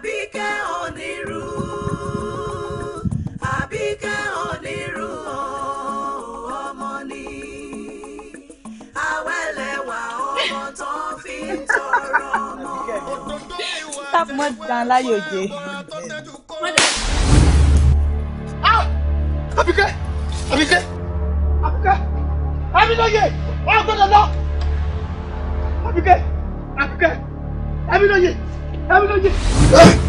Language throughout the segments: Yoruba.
àbíkẹ́ onírú àbíkẹ́ onírú oh, ọmọ ni àwẹ̀lẹ̀wà ọmọ tó fi ń tọrọ ọmọ. stop mọ́ dan láyò jẹ. àbíkẹ́ àbíkẹ́ àbíkẹ́ àbílóye wọ́n gbọ́dọ̀ lọ àbíkẹ́ àbíkẹ́ àbílóye àbílóye. Ugh.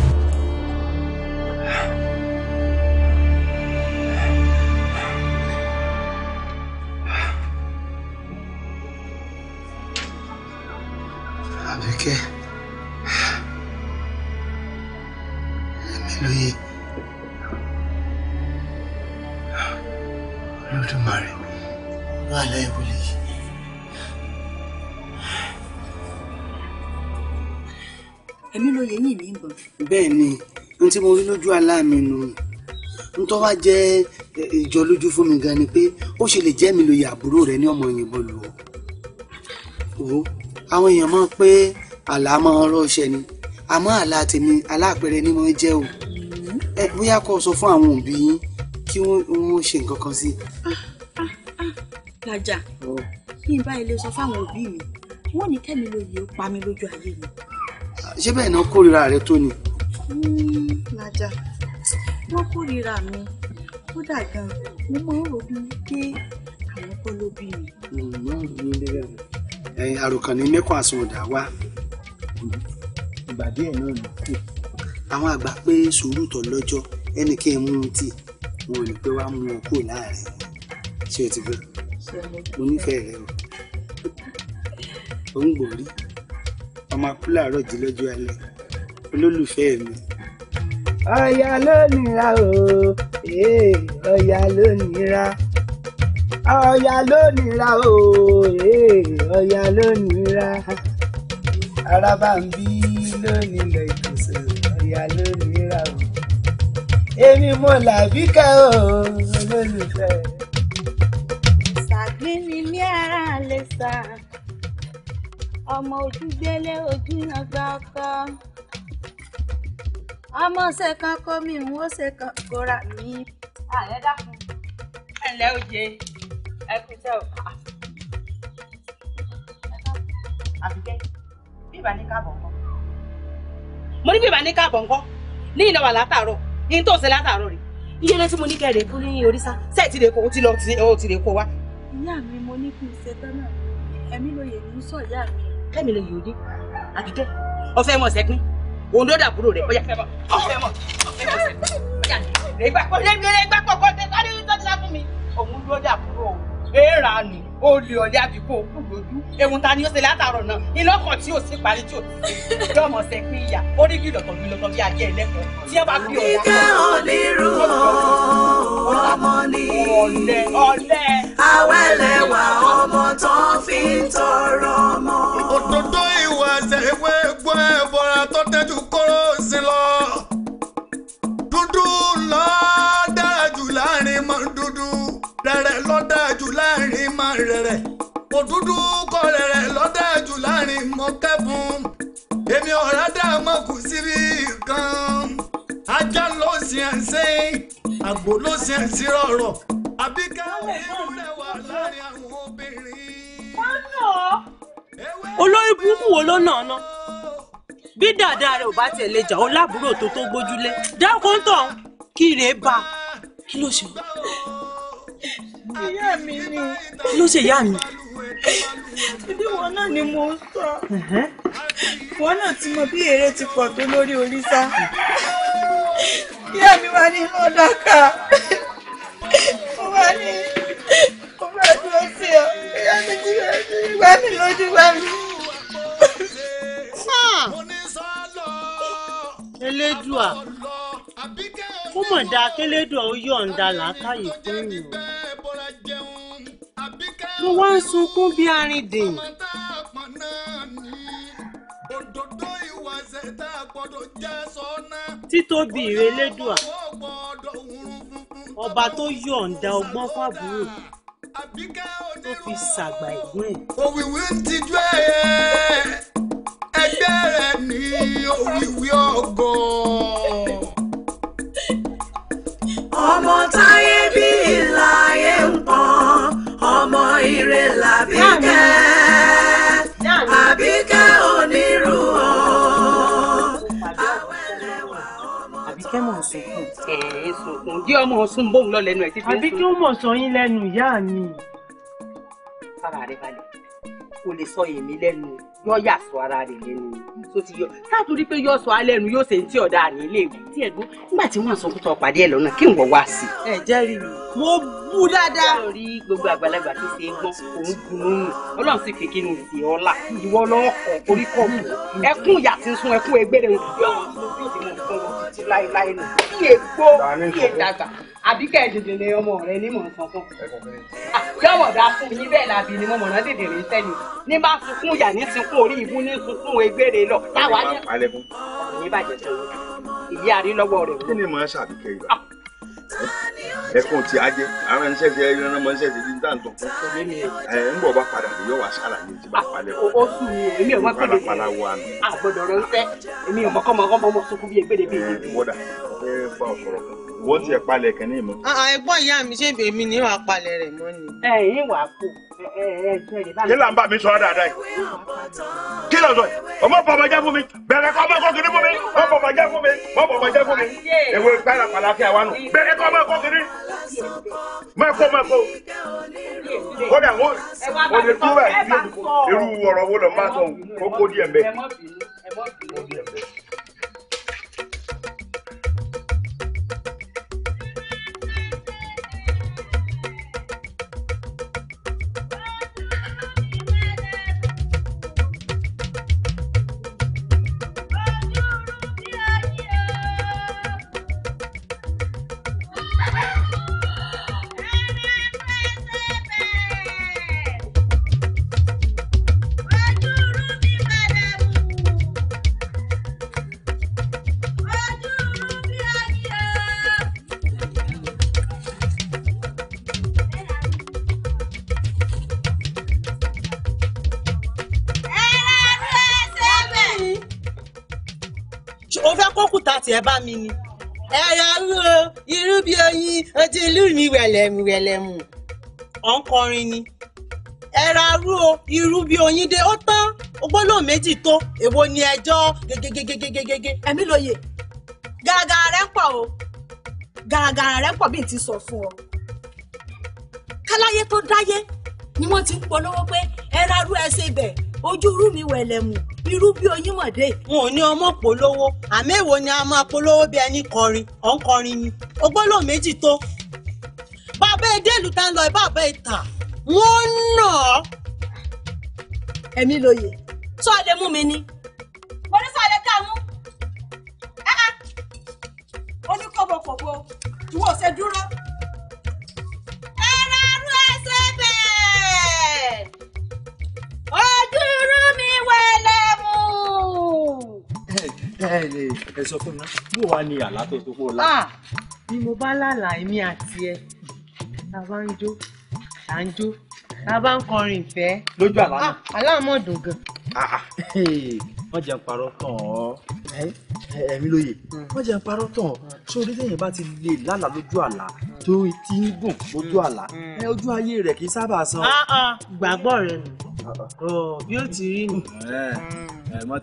bẹ́ẹ̀ ni n tí mo rí lójú àlá mi nù n tó wá jẹ́ ìjọ lójú fún mi gan ni pé ó ṣe lè jẹ́ mi lóye àbúrò rẹ ní ọmọ òyìnbó lù o àwọn èèyàn mọ̀ pé àlá máa ń rọ́ṣẹ́ ni àmọ́ àlá tèmi aláàpẹrẹ ni mo jẹ́ o ẹ bóyá kó o sọ fún àwọn òbí yín kí wọ́n ṣe nǹkan kan sí i. Ah, ah, ah, làjà kí n bá ilé sọ fáwọn òbí mi wọ́n ní kẹ́mi lóye ó pa mí lójú ayé mi. ṣé bẹ́ẹ̀ náà kórìíra rẹ tó ni lájà hmm, wọ́n kórìíra mi kódà gan mo máa ń rò bí pé àwọn kọ́ ló bí mi. ẹyin àròkànní mẹ́kàn àsùnwọ̀dà wa ìgbà díẹ̀ náà ló kù àwọn àgbà pé sùúrù tó lọ́jọ́ ẹnì kí n mú un tì wọn ò ní pé wàá mú un kù láàrin ṣé o ti gbọ́ mo nífẹ̀ẹ́ rẹ o ò ń gbòórí ọmọ akúlàárọ̀ jí lọ́jọ́ alẹ́ olólùfẹ́ mi. ọ̀yà ló nira o eh, ọ̀yà ló nira ọ̀yà ló nira o eh, ọ̀yà ló nira araba ń bí lónílẹ̀ ìgbésẹ̀ ọ̀yà ló nira o èmi mo làbíkẹ́ o olólùfẹ́. sàgbéni ní ara lè sà ọmọ ojú gbélé ojú náà gbá ọkọ ọmọ ṣe kan kó mi n ó ṣe kan gora mi. ààrẹ dákun ẹ ǹlẹ́ òye ẹ kú tẹ́ ò kà. àbíkẹ́ bí ìbá ní káàbọ̀ ńkọ́. mo ní bí ìbá ní káàbọ̀ ńkọ́ ní ìnáwó látàárọ̀ ní tó ṣe látàárọ̀ rẹ̀ iye lẹ́tí mo ní kẹ́rẹ̀ẹ́ kú ní oríṣà ṣe ti lè kó o ti lọ o ti lè kó wa. ìyá mi mo ní kí n ṣe tán náà ẹ̀mí lóye ní sọ ìyá mi. kẹ́mi lè yòó dé àbíkẹ́ ọ̀fẹ́ mọ̀ sẹ́pin òun ló dàbúrò rẹ̀ ọ̀yà ọ̀fẹ́ mọ̀ ọ̀fẹ́ mọ̀ ọ̀yà rẹ̀gbà kọ̀kọ́ tẹ sáré tó ti sá fún mi òun ló dàbúrò èèrà nù olè ọ̀lẹ́ àbíkó òkú lójú ewu ta ni ó ṣe látàárọ̀ náà iná kan tí ò sí parí tí ò sí yọmọ ṣe pé ìyá ó rí gìlọ̀tọ̀ gìlọ̀tọ̀ bí ajé ẹlẹ́kọ̀ọ́ tí ẹ bá fi ọ̀wọ́. kíkẹ́ onírú ọmọ ni ọ̀lẹ́ ọ̀lẹ́. awẹ́lẹ́wà ọmọ tó fi ń tọrọ ọmọ. lọ dára jù láàrin mọ dúdú rẹ̀rẹ̀ lọ dára jù láàrin mọ rẹ̀rẹ̀ òdúdú kọ rẹ̀rẹ̀ lọ dára jù láàrin mọ kẹfún èmi ọ̀rá dára mọ kù síbi kan ajá ló sì ń ṣe àgbò ló sì ń ṣe rọrọ àbíká ewu lẹwà láàrin àwọn obìnrin. wọ́n nà ọ́. olórí burúkú wo ló nà ọ́ bí dáadáa rẹ ò bá tẹ̀lé jà ó láàbúrò tó tó gbójúlé dákúntàn kí rè é bá kí ló ṣe. ìyá mi ni. kí ló ṣe ìyá mi. ìdí wọn náà ni mo ń sọ. wọn náà ti mọ bí èrè ti pọ̀ tó lórí oríṣà. ìyá mi wá ní ọ̀dà ká. mo wá ní mo bá dúró sí ọ. ìyá mi ti gbá mi lójú gbá mi. Elédùà yọ̀ǹda kélédùn ó yọ̀ǹda làákàyè fún yìí mo wá ń sunkún bí arìndè. títóbi ìrẹ̀lẹ́dùà ọba tó yọ̀ǹda ọgbọ́n fàbúrò tó fi ṣàgbà ẹ̀gbọ́n ẹ̀. òwìwí ti jú ẹyẹ ẹgbẹ́ rẹ̀ ní òwìwí ọgọ́ ọmọ táyé bí ìlàyé nǹkan ọmọ ire làbíkẹ́ àbíkẹ́ onírú àbíkẹ́ mọ̀ ń sunkún. ẹ ẹ sunkún díẹ̀ ọmọ ọ̀sùn bóun lọ lẹ́nu ẹ̀ títí àbíkẹ́ ó mọ̀ sọ yín lẹ́nu ìyá mi. fara rẹ balẹ̀ kò lè sọ èmi lẹ́nu o yọ yà sọ ara rẹ̀ lẹ́nu tó ti yọ sáàtú pé yọ sọ alẹ́ nu yóò ṣe ní tí ọ̀dà ní ilé ìwé tí ẹ̀gbọ́n nígbà tí wọ́n sọkún tọ́ pàdé ẹ̀ lọ́nà kí n wọ̀ wá sí. ẹ jẹ́rìí mi mo bú dáadáa. mo rí gbogbo àgbàlagbà tó ṣe é gbọ́n òun gun un ọlọ́run sì kékeré ní ìfì ọ̀la ìwọ lọ́kọ̀ orí kọ̀ ẹkún ìyá ti ń sún ẹkún ẹgbẹ́ rẹ̀ yóò àbí kẹ́ ẹ̀ ọmọ rẹ ní mọ̀ nǹkan yọ̀wọ̀ dá fún yín bẹ́ẹ̀ làbí ni mo mọ̀ràn dèdè rẹ sẹ́yìn ní bá sunkún yà ní sunkún orí ìbú ní sunkún egbére lọ táwa ní. ọ̀rọ̀ yín bàjẹ́ sọ̀rọ̀ ìyá rí lọ́wọ́ rẹ̀. kí ni màá ṣàbíkẹ́ ìgbà ah. ẹkún ti ajẹ ara ń ṣẹṣẹ ẹyọ náà máa ń ṣẹṣẹ ní dáńtọ ẹ ń bọ̀ bá padà lè yọ wá ṣàlàyé ti bá ah, palẹ̀ o sùn mi o èmi ò mọ pé lèdè àgbọ̀dọ̀ rẹ ń fẹ́ èmi ò mọ kọ́mọ kọ́mọ mọ sunkún bí egbèdébè. ẹ wọ́dà ẹ fa ọ̀sọ̀rọ̀ kan wọ́n ti ẹ̀ palẹ̀ kẹ́ni mọ́. Ah, ah, ẹ̀gbọ́n ìyá mi ṣé èmi ni wàá palẹ̀ rẹ̀ mọ́ ni. ẹ ẹ wà á kú ẹ ẹ ṣe lè bá mi. kí là ń bá mi sọ dáadáa yìí kí là ń sọ yìí ọmọ bàbá jẹ́ fún mi bẹ̀rẹ̀ kọ́ ọmọ kọ́kiri fún mi ọmọ bàbá jẹ́ fún mi ọmọ bàbá jẹ́ fún mi èwe gbára pàlàkì àwa nù bẹ̀rẹ̀ kọ́ ọmọ kọ́kiri mẹ́kọ́ mẹ́kọ́ kódà wọ́n ò lè dúró ẹ̀ irú ọ̀rọ̀ wo lọ́ọ́ máa sọ kókó díẹ̀ mẹ́. ẹ bá mi ni. ẹ ra wúro irú bí oyin ojú ìlú mi wẹ̀lẹ̀mù wẹ̀lẹ̀mù. ọ̀ ń kọrin ni. ẹ ra wúro irú bí oyin dé ó tán ogbólóhùn méjì tó èwo ni ẹjọ́ gégégégégégégé. ẹ̀mí lóye gàràgàrà rẹ pọ̀ o gàràgàrà rẹ pọ̀ bí n ti sọ fún ọ. káláyé tó dáyé ni wọ́n ti ń polówó pé ẹ ra rú ẹ ṣe bẹ̀ ojú rú mi wẹ̀lẹ̀mù irú bí Oyinmọ̀dé. n ò ní ọmọ polówó àmọ́ èwo ni a máa polówó bí ẹni kọrin ọ̀ ń kọrin ni ogbólò méjì tó. bàbá edé ìlú tá ń lọ bàbá ìta wọ́n nà ọ́. ẹ̀mí lóye. sọ adé mú mi ni. mo ní sọ adé tá a mú. ó ní kọ́bọ̀ pọ̀ bó ìwọ ṣe dúró. ojú irú mi wẹ̀lẹ̀ ẹ sọ fún mi bó wàá ní àlá tó tó kó la. Ah! bí mo bá lálàá èmi àti ẹ ta bá ń jó ta ń jó ta bá ń kọrin ìfẹ́. lójú àlá náà. aláàmọ̀dùn ah! gan. wọ́n ah, jẹ́ ń parọ́ tán ọ́ ẹ̀mí lóye wọ́n hmm. jẹ́ ń parọ́ tán ọ́ sórí lẹ́yìn bá ti lè lálàá lójú àlá tó ti ń gùn lójú hmm. àlá hmm. ẹ ojú ayé rẹ̀ kì í sábà san. gbàgbọ́ rẹ nù bí ó ti rí nù. ẹ ẹ mọ̀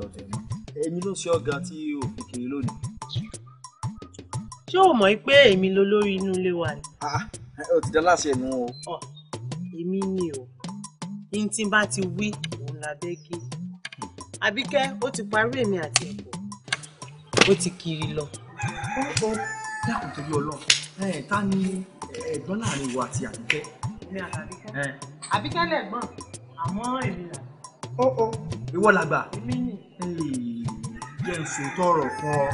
lọ bẹ̀rẹ̀ èmi ló ṣe ọ̀gá tí o fi kiri lónìí. ṣé o mọ̀ pé èmi ló lórí inú ilé wa ni. o ti dáná sí ẹnu o. èmi ni o ní tí n bá ti wí òun la bẹ́ kí. abike ó ti parí èmi àti ẹ̀kọ́ ó ti kiri lọ. dákun torí ọlọ́run ta ni ẹ̀gbọ́n láàrin ìwọ àti àbíkẹ́. àbíkẹ́ àbíkẹ́ lẹ̀gbọ́n àmọ́ èmi là. ìwọ làgbà. èmi nì jẹ́ n sòótọ́ ọ̀rọ̀ fún ọ.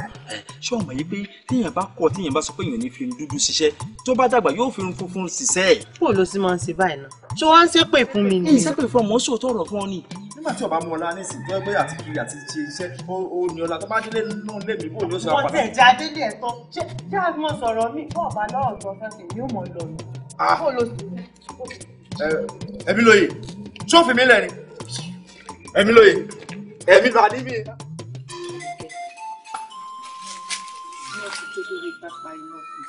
ṣé o mọ̀ yìí pé téèyàn bá kọ téèyàn bá sọ pé èèyàn ní fi irun dúdú ṣiṣẹ́ tó bá dàgbà yóò fi irun funfun ṣiṣẹ́. bó ló sì máa ń ṣe báyìí náà ṣé wọ́n ń ṣépè fún mi ni. èyí ṣépè fún ọmọ sòótọ́ ọ̀rọ̀ fún ọ ni. nígbà tí ọba mu ní ìsìn tó ẹgbẹ́ àti kiri àti ṣe iṣẹ́ ó ní ọlá tó bá délé nínú ilé ah. bó ló sọ àpàdé. mo tẹ̀ jáde dẹ̀ tọ́ ṣé ṣé pápá iná kù.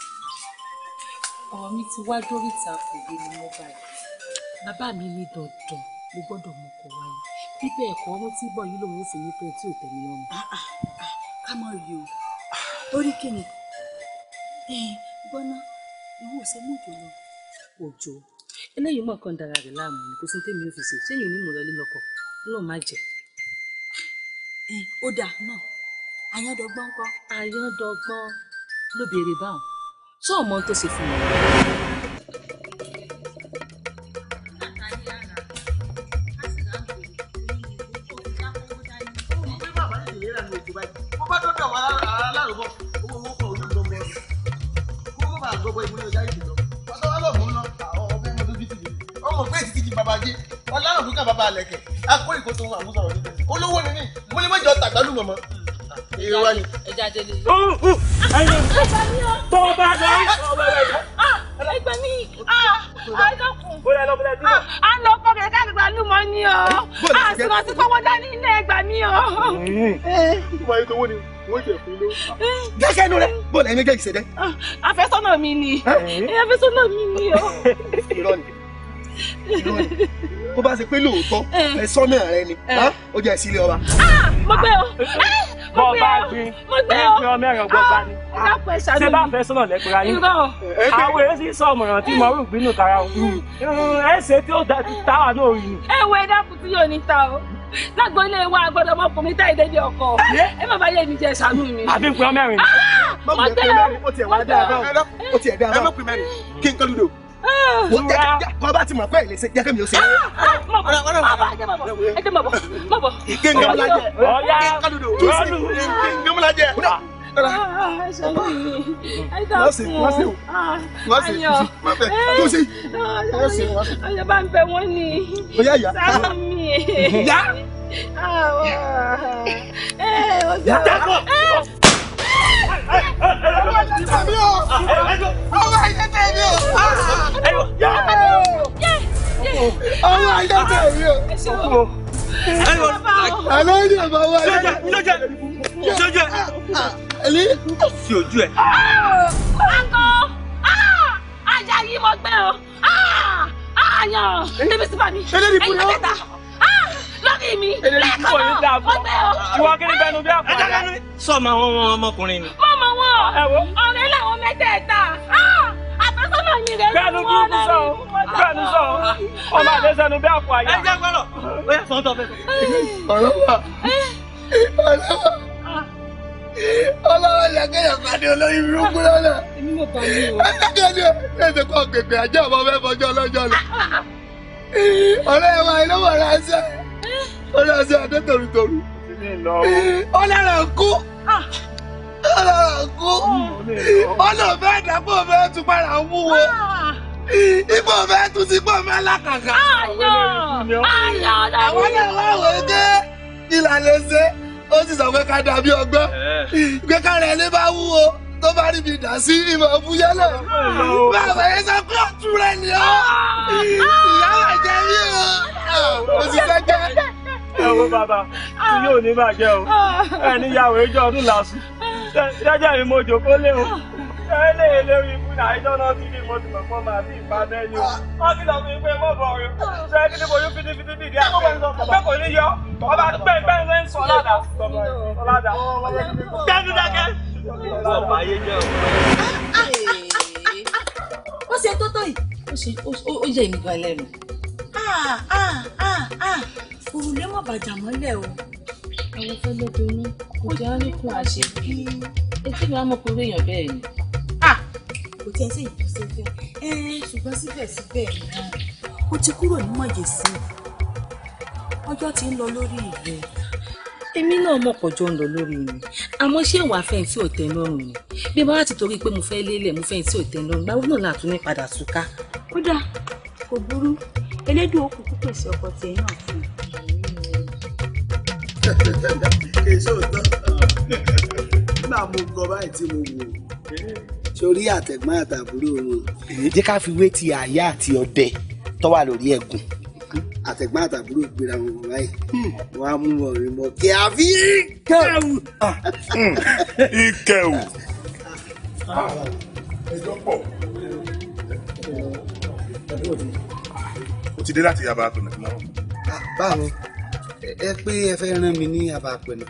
ọ̀rọ̀ mi ti wá dórí ìta kò yé mi mọ́ báyìí bàbá mi ní dandan mo gbọ́dọ̀ mú kọ wáyé bíbẹ̀ ẹ̀kọ́ ọmọ tí bọ̀ yìí lòun ò fi yín pé tí ò tẹ̀mí lọ́rùn. Ah, ah, ah, ká mọ̀ rí o orí kìnnì gbọ́ná ìwọ ò ṣe mú òjò lọ. òjò eléyìí mọ̀ kan dára rẹ̀ láàmú ni kò sí tèmi ò fi ṣe ṣé èyí ni mo lọ lé lọkọ̀ lóun má jẹ. ó dà náà àyàndọ̀gbọ́n kọ́. àyàndọ̀gbọ́n ló béèrè báwọn ṣé ọmọ tó ṣe fún mi. olówó ni mí mo lè má jọ tàgbálùmọ̀ mọ́ irọ́ ni. ẹja jẹlẹ. tó o bá ah, ah, ah, lọ. ẹ gbà mí àìsàkùn. a lọ fọkẹ káàkiri pẹ̀lú mọ ni o a sì mọ sí fọwọ́ dání ilé ẹgbà mí o. ìwà ètò owó ni wọ́n jẹ fún ló. gẹ́gẹ́ inú rẹ bọ́ọ̀lù ẹ̀mí gẹ́gẹ́ ìṣẹ̀dẹ́. àfẹ́sọ́nà mi ni àfẹ́sọ́nà mi ni o. irọ́ ni bó bá ṣe pé lóòótọ́ eh. ẹ sọ́nà rẹ ni eh. ó jẹ́ ìsílẹ̀ ọba. mo gbé o. Eh bọ́ bá gbin ní pin ọmọ ẹ̀rọ gbọ́gbá mm. ni. wa gbọ́dọ̀ ọmọkùnrin tá ìdẹ́dẹ́ ọkọ ẹ má bàa yé mi jẹ ṣàánú mi. àbí nǹkan mẹ́rin. mo tiẹ̀ wá dáadáa o tiẹ̀ dáadáa ẹ má pè mẹ́rin kí n kọ́ lùdò kọ́ ah. bá ti mọ̀ pé èlé ṣe jẹ́ kí mi ò ṣe. Ah, ah, mọ̀ bọ̀ ẹ jẹ́ mọ̀ bọ̀ mọ̀ bọ̀. kéńgé múlá jẹ ọ̀yá tùsí kéńgé múlá jẹ. Wọ́sì wọ́sì wọ́sì mọ̀fẹ́ tùsí wọ́sì wọ́sì. ọ̀yọ́ bá ń bẹ wọ́n ni sáà mi. yá. yá. yá. yá tèmi o ọwọ́ àìsè tèmi o ọwọ́ àìsè tèmi o. Àlọ́ yìí ọba wa ni. Sọ́jà sọ́jà ẹ̀lẹ́ sí ojú ẹ̀. Kọ́ńkọ́ Ajayi mo gbẹ o, àyàn, níbi sí bàmí, ẹ̀yin mẹ́ta lórí mi. èdè tí kò ní dáa fún ọ ìwọ kí ni bẹnu bí àpàdé. sọmọ àwọn ọmọ ọmọkùnrin ni. mọmọ wọn ọ̀rẹ́ làwọn mẹ́tẹ̀ẹ̀ta àfẹ́sọ́nà yìí rẹ ló wọ ọ náà. bẹ́ẹ̀ni sọ ọmọ àdéṣẹnu bí àpò àyà. ẹ jẹ́ gbọ́dọ̀ ó yẹ sọ́ńtò fẹsẹ̀. ọ̀rọ̀ wà ọlọ́wọ́ ni akẹ́yọ̀ pàdé olórí burúkú lọ́nà. akẹ́yọ̀ ẹsẹ̀ kọ́ gbègbè àjẹ́ ọmọ mẹ́fọ́jọ́ lọ́jọ́ lọ. ọ̀rẹ́ wa iná wọ̀ ránṣẹ́ ó yà sí adé tòrútòrú kú ó kú ó fẹ́ dàpọ̀ fẹ́ tún padà wúwo ipò fẹ́ tún sí pọ̀ fẹ́ lákàkà àwọn náà wà wò ó ìlànà ṣe ó sì sọ pé ká dàbí ọgbọ́n pé ká rẹ̀ ní bá wúwo tó bá rí mi dà sí ìmọ̀ fúyẹ́ náà bàbá yẹn sọ pé ọ̀tún rẹ̀ ni ọ́ ah, ah. ìyá wà jẹ́ rí o òṣìṣẹ́ jẹ́ ẹ bàbá tí yóò ní bàjẹ́ o ah. ẹ níyàwó ẹjọ́ ọdún làásù jẹ́jẹ́ mi mo jòkó lé o ẹ lè e léwu ikú náà ẹjọ́ náà ti ní mo ti mọ̀ máa bí ìpa mẹ́ni o wọ́n ti lọ fún pé mọ́ bọ̀ ọ̀rọ̀ ṣe kíni mo yún fitifiti bíi díẹ̀ pé kò ní yọ ọba pé bẹ́ẹ̀ ń sọ ládàá ládàá gbẹ́dúdákẹ́. ọba ayé jẹ́ o. ó ṣe tó tó yìí ó yẹ ìmúgbà lẹ́nu òun lè má bàjá mọ́lẹ̀ o. àwọn fẹlẹ doyún kò jẹ wọn níkun àṣẹ bí etí mi á mọ kúrò èèyàn bẹ́ẹ̀ ni. kò tiẹ̀ sí ìtúsẹ́ fẹ́ ẹ ṣùgbọ́n síbẹ̀síbẹ̀ náà ó ti kúrò ní mọ̀jẹ̀sí ọjọ́ ti ń lọ lórí ìlú èmi náà mọ̀ pọ̀ jọ ń lọ lórí mi àmọ́ ṣé ìwà fẹ́ǹsì ọ̀tẹ̀ lọ́rùn ni bí bá wà ti torí pé mo fẹ́ lélẹ̀ mo fẹ́ǹsì ọ̀tẹ̀ lọ́rùn báwo náà làtún ní padà túká. ó dáa kò burú elédùn òkú kúkú pèsè ọkọ tiẹ̀ náà fún un. tán nígbà mo gbọ́ báyìí tí mo wò sórí àtẹ̀gbọ́n àtàbúrò wọn. jẹ́ ká fi wé ti àyà àti ọdẹ tó wà lórí ẹ̀gùn àtẹ̀gbọ́n àtàbúrò gbéra wọn báyìí hmm. wọ́n á mú wọn rìn mọ́ kí a fi kẹ́wù. ìkẹ́wù. Ah. Hmm. Ah. ẹjọ́ pọ̀ o ti dé láti yaba àpẹnà tí mo rọ. bá mi ẹ pé ẹ fẹ́ rán mi ní yaba àpẹnà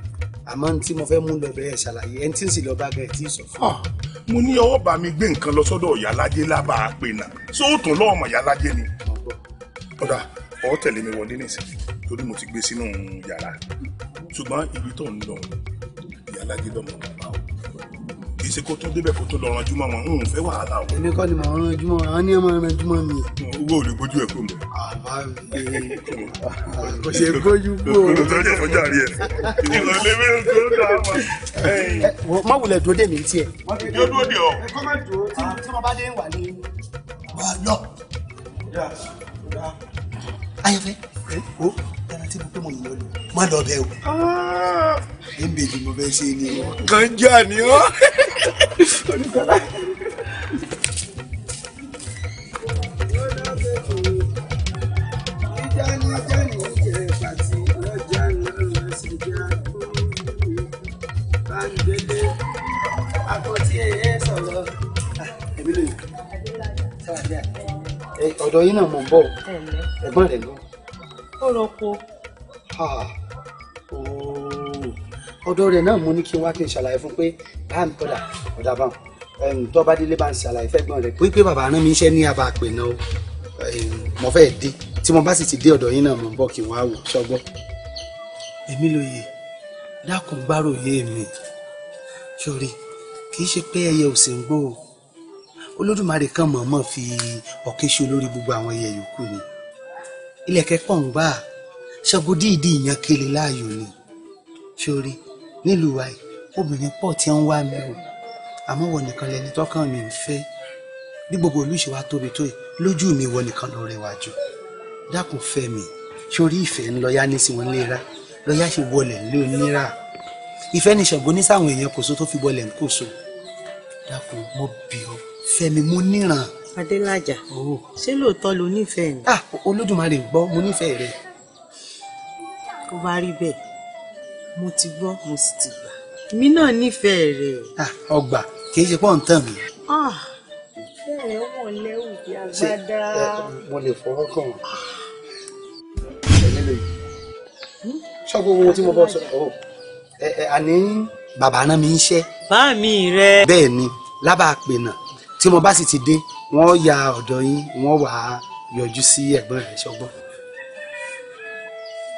àmọ́ ní tí mo fẹ́ mú lọ́bẹ̀ ẹ̀ ṣàlàyé ẹni tí ń sì lọ́ọ́ bá gẹ̀ tí ì sọ fún mi. Ah, mo ní ọwọ́ bá mi gbé nǹkan lọ sọ́dọ̀ ìyálàjẹ́ lába àpẹnà sóòtún lọ́ọ̀mọ̀ ìyálàjẹ́ ni. ọ̀dà ọ̀ tẹ̀lé mi wọlé nísìnyí torí mo ti gbé sínú yàrá ṣùgbọ́n ibi tó ń lọ ìyálàjẹ́ lọ́mọ ṣe kó tó débẹ̀ kó tó lọ ranjú mọ́ wọn n fẹ́ wàhálà o. èmi kọ́ ni mò ń ranjú mọ́ àwọn ní ọmọ ranjú mọ́ mi. owó ò lè gbójú ẹ̀ kó mi. àbá mi kò ṣe gbójú kó. lọ́dọ̀ tó yẹ fọjá rí ẹ. ìrọ̀lẹ́ mi tó dà wá. má wulẹ̀ dúró dé mi tiẹ̀. yóò dúró dé ọ. kọ́mọ̀ dúró tí mo bá dé wà ní. wà á lọ tí mo pé mo yìn lọ́lẹ̀ má lọ bẹ́ẹ̀ o. ẹ̀ẹ́dẹ̀ẹ́dì ah! mo fẹ́ ṣe ni. gànjà ni ọ́. ọ̀dọ̀ yín náà mo bọ̀ ẹ̀gbọ́n rẹ̀ lọ. ó rọ Ah, oh. ọ̀dọ̀ rẹ̀ náà mo ní kí n wá kí n ṣàlàyé fún pé bá mi kọ́dà ọ̀dà bá tọ́ba délé bá ń ṣàlàyé fẹ́gbọ́n rẹ̀ pé bàbá rán mi iṣẹ́ ní abà pè náà mo fẹ́ dé tí mo bá sì ti dé ọ̀dọ̀ yín náà mo ń bọ̀ kí n wá wò ṣọgbọ́. èmi lóye dákun gbáròyé mi sórí kì í ṣe pé ẹyẹ ò sì ń gbó o olódùmarè kan mọ̀ọ́mọ̀ fi ọ̀kẹ́ ṣe olórí gbogbo àwọn ẹyẹ yòókù ni ilẹ̀kẹ́ pọ̀ ń gbà á ṣàgòdì ìdí ìyàn kele láàyò ni ṣorí nílùú wa yìí obìnrin pọ̀ tí ń wá mi o àmọ́ wọ nìkan lẹni tọ́kàn mi ń fẹ́ bí gbogbo olùṣe wa tóbi tó yìí lójú mi wọ nìkan ló rẹwà jù dákun fẹ́ mi ṣorí ìfẹ́ ń lọ́yá ní sí wọn léra lọ́yá ṣe wọlé lé onírà ìfẹ́ ni ṣàgò ní sáwọn èèyàn kòso tó fi wọlé ń kòso dákun mo bì ọ́ fẹ́ mo níran. Adélájà oh. ṣé lóòótọ́ lo nífẹ̀ẹ́ ni. ah Olódùmarè gbọ́ mo nífẹ̀ẹ́ rẹ tó bá rí bẹ́ẹ̀ mo ti gbọ́ mo sì ti gbà èmi náà nífẹ̀ẹ́ rẹ̀. ọgbà kì í ṣe pọ́n tán mi. ìfẹ́ rẹ̀ wọ̀n lẹ́wù bí agbádá. mo lè fọwọ́ kàn wọ́n. Ah. Hmm? ṣọ́ gbogbo ohun tí mo bọ́ sọ ọ́ oh. àní bàbá náà mi ń ṣe. bá mi rẹ. bẹ́ẹ̀ ni lábà pè náà tí mo bá sì ti dé wọ́n ya ọ̀dọ̀ yín wọ́n wàá yọjú sí ẹ̀gbọ́n rẹ̀ ṣọgbọ́n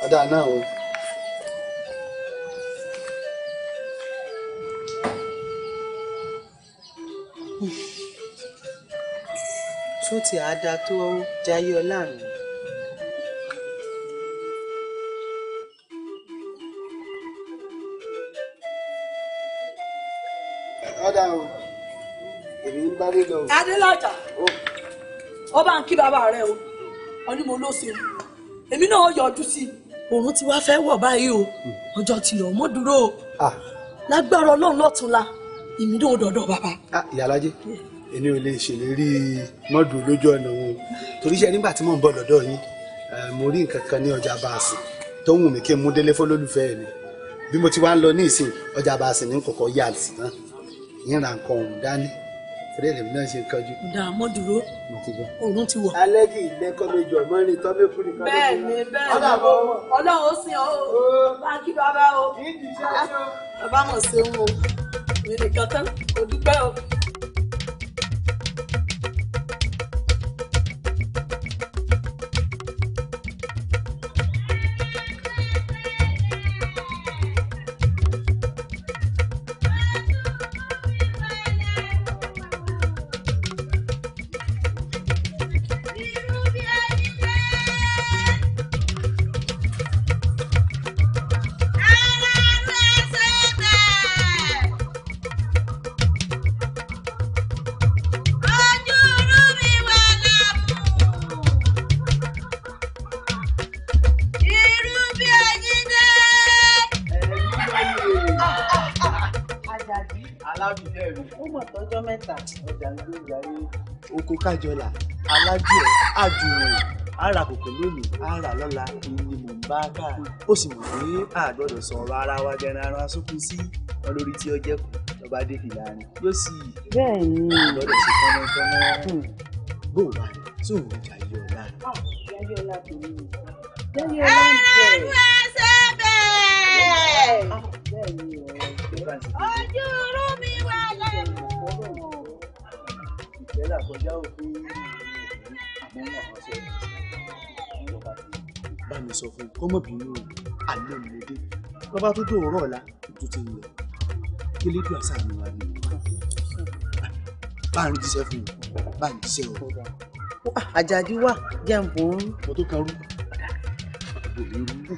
ọ̀dà náà o. tó ti àádá tó jayé ọlá mi. ọ̀dà o èmi ń bá lílọ. adélájà ọba ń kí bàbá rẹ o ọ ní mo ló ṣe èmi náà yọjú sí i òun ti wá fẹ́ wọ̀ báyìí o hmm. ọjọ́ ti lọ mọ́ dúró o ah. lágbára ọlọ́run lọ́túnla ìmúdó dọ̀dọ̀ bàbá. Ah, ìyálàjẹ èmi ò lè ṣèlérí mọ́dù lójú ọ̀nà wọn torí ṣe nígbà tí mò ń bọ̀ lọ́dọ̀ yín eh, mo rí nǹkan kan ní ọjà báàsì tó wù mí kí n mú délé fọlọ́lùfẹ́ mi bí mo ti wá ń lọ ní ìsìn ọjà báàsì ní kọ̀kọ́ yá àti náà yín ra nǹkan ọ̀hún dání eré ìlẹ̀mí náà ṣe kájú. dààmú dúró òun ti wọ̀. alẹ́ kì í lẹ́kọ́ méjì ọmọ rìn tọ́ mi fún nìkan. bẹ́ẹ̀ ni bẹ́ẹ̀ ni ọlọ́run ó sìn ọ́ o báńkì bàbá o bàbá mọ̀ sí òun o èrè kankan kò dúpẹ́ o. dàbí. alábìtẹ́ rẹ̀. ó mọ̀ tọ́jọ́ mẹ́ta. ọjà ń gbé ìyá yé oko kájọlà alájùẹ àjùwò ara kòkò lónìí ara lọ́la ni mò ó sì mọ̀ pé àgbọ̀dọ̀ sọ̀rọ̀ ara wa gẹ́gẹ́ ara sókun sí olórí tí ó jẹ́ kù lọ́ba débi láàrin yóò sì àgbọ̀dọ̀ sí kánmọ́kánmọ́ bó wà tí òun jà yí ọ̀la. yáyí ọlá tèmi yáyí ọlá ń bẹ̀rẹ̀ ojú irú mi wà lẹ́nu. ìṣẹ̀lẹ̀ àkọjá òfin àmọ́ ní àwọn ṣe bá mi sọ fún kọ́mọ̀bínú alẹ́ mi dé lọ́ba tó dùn òórọ̀ ọ̀la tó ti ń lọ kí àṣà mi wà ní bá ń jíṣẹ́ fún mi bá ń jíṣẹ́ o. àjàdí wà jẹun bò mo tó kan rú àbò rú.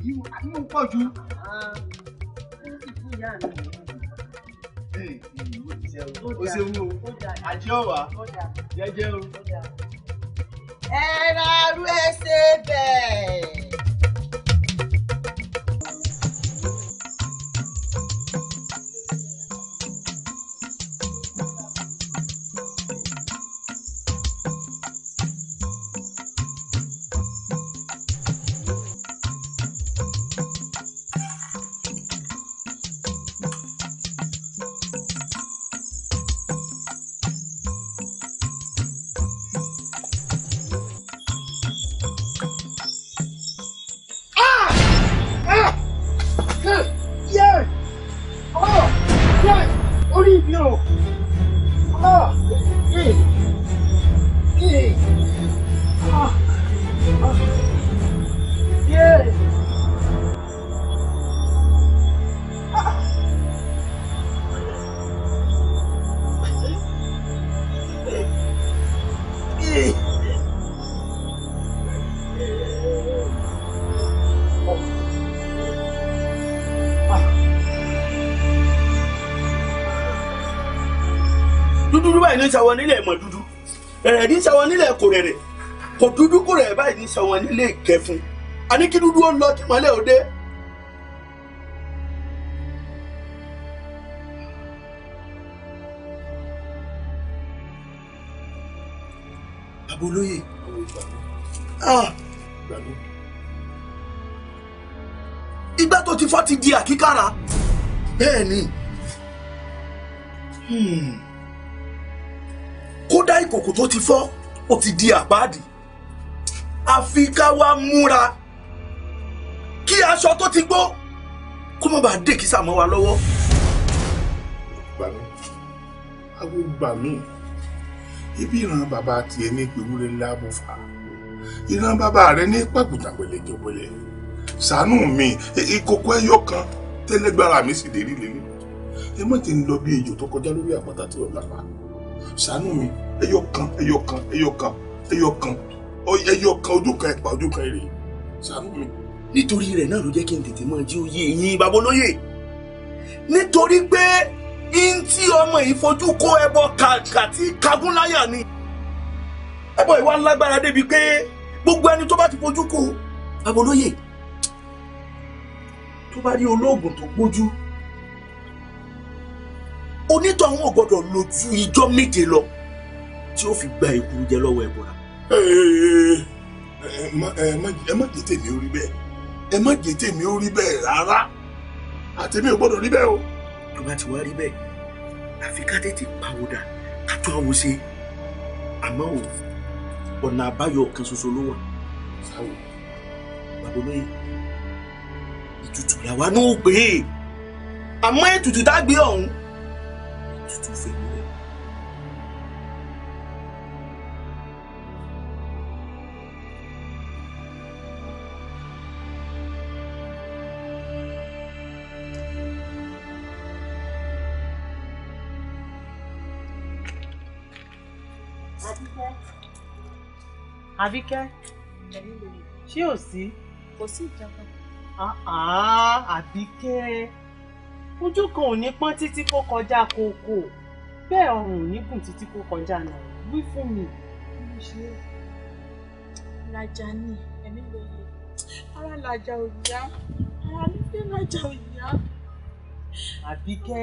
àbí mo pọ̀ jù. o ṣeun o àjẹ́ ọ̀wá jẹ́jẹ́ o. ẹ arú ẹ ṣe bẹ́ẹ̀. lélẹ̀. dúdú báyìí ní sáwọn nílẹ̀ mọ̀ dúdú rẹ̀rẹ̀ ní sáwọn nílẹ̀ kò rẹ̀rẹ̀ kò dúdú kò rẹ̀ báyìí ní sáwọn nílẹ̀ kẹfun a ní kí dúdú ó lọ kí mọ́lẹ̀ bàbá olóyè. Ah. ìgbà tó ti fọ́ ti di àkíkàrà. bẹ́ẹ̀ ni hmm. kódà ìkòkò tó ti fọ́ ó ti di àpáàdì àfi ká wá múra kí aṣọ tó ti gbó kó má bàa dèkísà mọ́ wa lọ́wọ́. gbà mí àwọn gbà ibi ìran bàbá tiẹ̀ ní ìpèwúrẹ́ lábùfà ìran bàbá rẹ ní pàkútà pẹ̀lẹ́jọpẹ̀lẹ́ ṣàánú mi e, ìkòkò ẹyọ kan tẹ́lẹ́gbára mi sì dé líle líle ẹ mọ̀ tí ń lọ bí ejò tó kọjá lórí àpáta tí ọ̀la pa ṣàánú mi ẹyọ kan ẹyọ kan ẹyọ kan ẹyọ kan ẹyọ kan ojú kan ẹ̀pà ojú kan èrè ṣàánú mi. nítorí rẹ̀ náà ló jẹ́ kí n tètè mọ̀ jí oyè yín babolóyè nítorí pé in tí ọmọ yìí fojú kó ẹbọ kàkà tí kagúnláyà ni ẹbọ ìwà lágbára débi pé gbogbo ẹni tó bá ti fojú kó abolóye tó bá rí olóògùn tó gbójú onítọ̀ àwọn ò gbọ́dọ̀ lò ju ìjọ́ méje lọ tí ó fi gba ìkúrú jẹ lọ́wọ́ ẹbọra. ẹ má jẹ tèmi ó rí bẹ́ẹ̀ ẹ má jẹ tèmi ó rí bẹ́ẹ̀ rárá àtẹ̀mí ò gbọ́dọ̀ rí bẹ́ẹ̀ o tó bá ti wá rí bẹ́ẹ̀ àfi ká tètè pàwọ́dà ká tó àwọn ṣe àmọ́ ò ọ̀nà àbáyọ kan ṣoṣo ló wà sáwọ bàbá olóyè ìtutù làwa náà pè é àmọ́ ètùtù tá ọ̀hún ètùtù fèlú àbíkẹ́ ṣé ò sí. kò sí ìjọba. àbíkẹ́ ojú kan ò ní pọ́n títí kó kọjá kókó bẹ́ẹ̀ ọrùn ò ní gùn títí kó kọjá náà wí fún mi. lajà ni ẹ̀mí lóye ara lajà ò yá ara nílé lajà ò yá. àbíkẹ́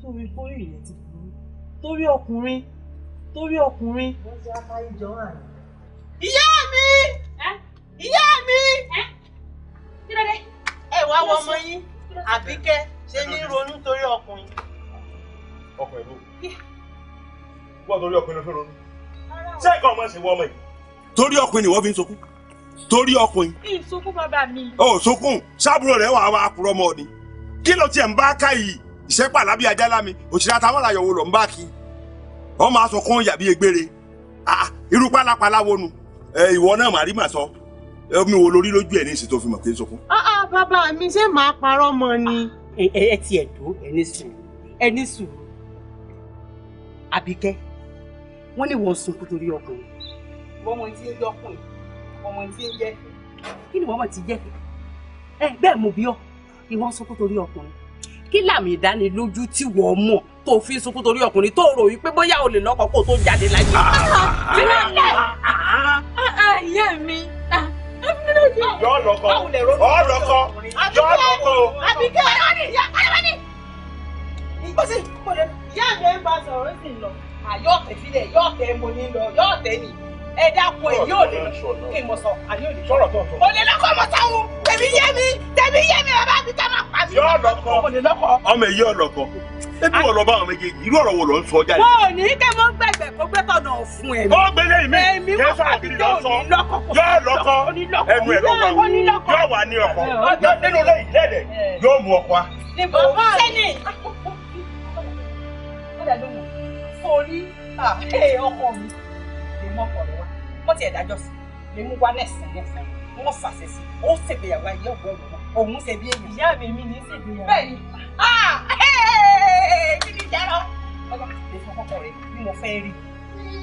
torí kórìí rẹ̀ ti burú torí ọkùnrin torí ọkùnrin. wọ́n ti á ká ìjọ àná ìyá mi ìyá mi ẹ wá wọ ọmọ yín àbíkẹ́ ṣe ní ronú torí ọkùnrin. ọkùnrin ló wọ́n torí ọkùnrin ló fẹ́ ronú ṣé ẹ̀kọ́ ọmọ ṣe wọ ọmọ yìí. torí ọkùnrin ni wọ́n fi ń sọkún torí ọkùnrin. kí bàbá mi. ó sọkún sábúrò rẹ̀ wàá wàá kúrọ́ ọmọ ni kí ló tiẹ̀ ń bá ká yìí ìṣẹ́pà lábí ajá lámi òṣìṣẹ́ àtàwọn àyọ̀wò lọ́ ń bá kí ọmọ aṣọ yàbí egbére ah, irú pálapàla wo nu ìwọ náà màá rí màá sọ mi wo lórí lójú ẹ ní ìsìn tó fi mọ̀ pé ń sọkún. Ah, ah, bàbá mi ṣé màá parọ́ mọ́ ni. Ah, ẹ ti ẹ̀dùn ẹ ní sùúrù ẹ ní sùúrù Àbíkẹ́ wọ́n lè wọ́n sunkún torí ọkùnrin. ọmọ tí ń yọkùn ọmọ tí ń yẹ kí ni wọ́n mọ̀ ti yẹ ẹ bẹ́ẹ̀ mo bí ọ ìwọ́n sunkún torí ọkùnrin kí làmì ìdánilójú tí wọ́n mọ̀ tó fi sunkún torí ọkùnrin tó rò wípé bóyá o lè lọ́kọ kó o tó jáde láyé. ìyá ah, ah, ah, mi yọ lọ́kọ ọ lọ́kọ yọ lọ́kọ. àbíkẹ́ ayọ̀wani ayọ̀wani. ìgbésí ìyá mi ẹ bá sọ̀rọ̀ sí lọ àyọ̀tẹ̀ sílẹ̀ yọ̀tẹ̀ mo ní lọ yọ̀tẹ̀ nìyí ẹ dákun èyí ò lè kí n mọ sọ àní òde. sọ̀rọ̀ tó sọ. òde lọ́kọ̀ ọmọ sáwọn tẹ̀mí yé mi tẹ̀mí yé mi bàbá mi ká máa pa mí. yọ lọkọ òde lọkọ. ọmọ èyí ọlọkọ ebi wọ lọ bá àwọn méjèèjì irú ọ̀rọ̀ wo ló ń sọ jáde. wọn ò ní kẹ́ mọ́ gbẹ̀gbẹ̀ kó gbé tọ̀nà òfun ẹ̀. ó gbélé mi kẹsàn án kiri lọ sọ yóò lọkọ ẹnu ẹ lọkọ yóò wà ní ọkọ nínú lẹ́yìn lẹdẹ yóò mú ọkọ wa. níbo sẹ́ni sórí ah, eh, ọkọ mi lè mọ́kọ wọ́n ti ẹ̀dájọ́ sí mi mú wá nẹ̀sìn nẹ̀sìn wọ́n fàṣẹ sí ó ṣègbéyàwó ayé ọ̀gbọ́n òun òun ṣe bí èyí. ìyá mi mi ní ṣègbéyàwó. bẹ́ẹ̀ni ah, kí ni ìjàrá ọba àti ìfọkọkọ rẹ bí mo fẹ́ rí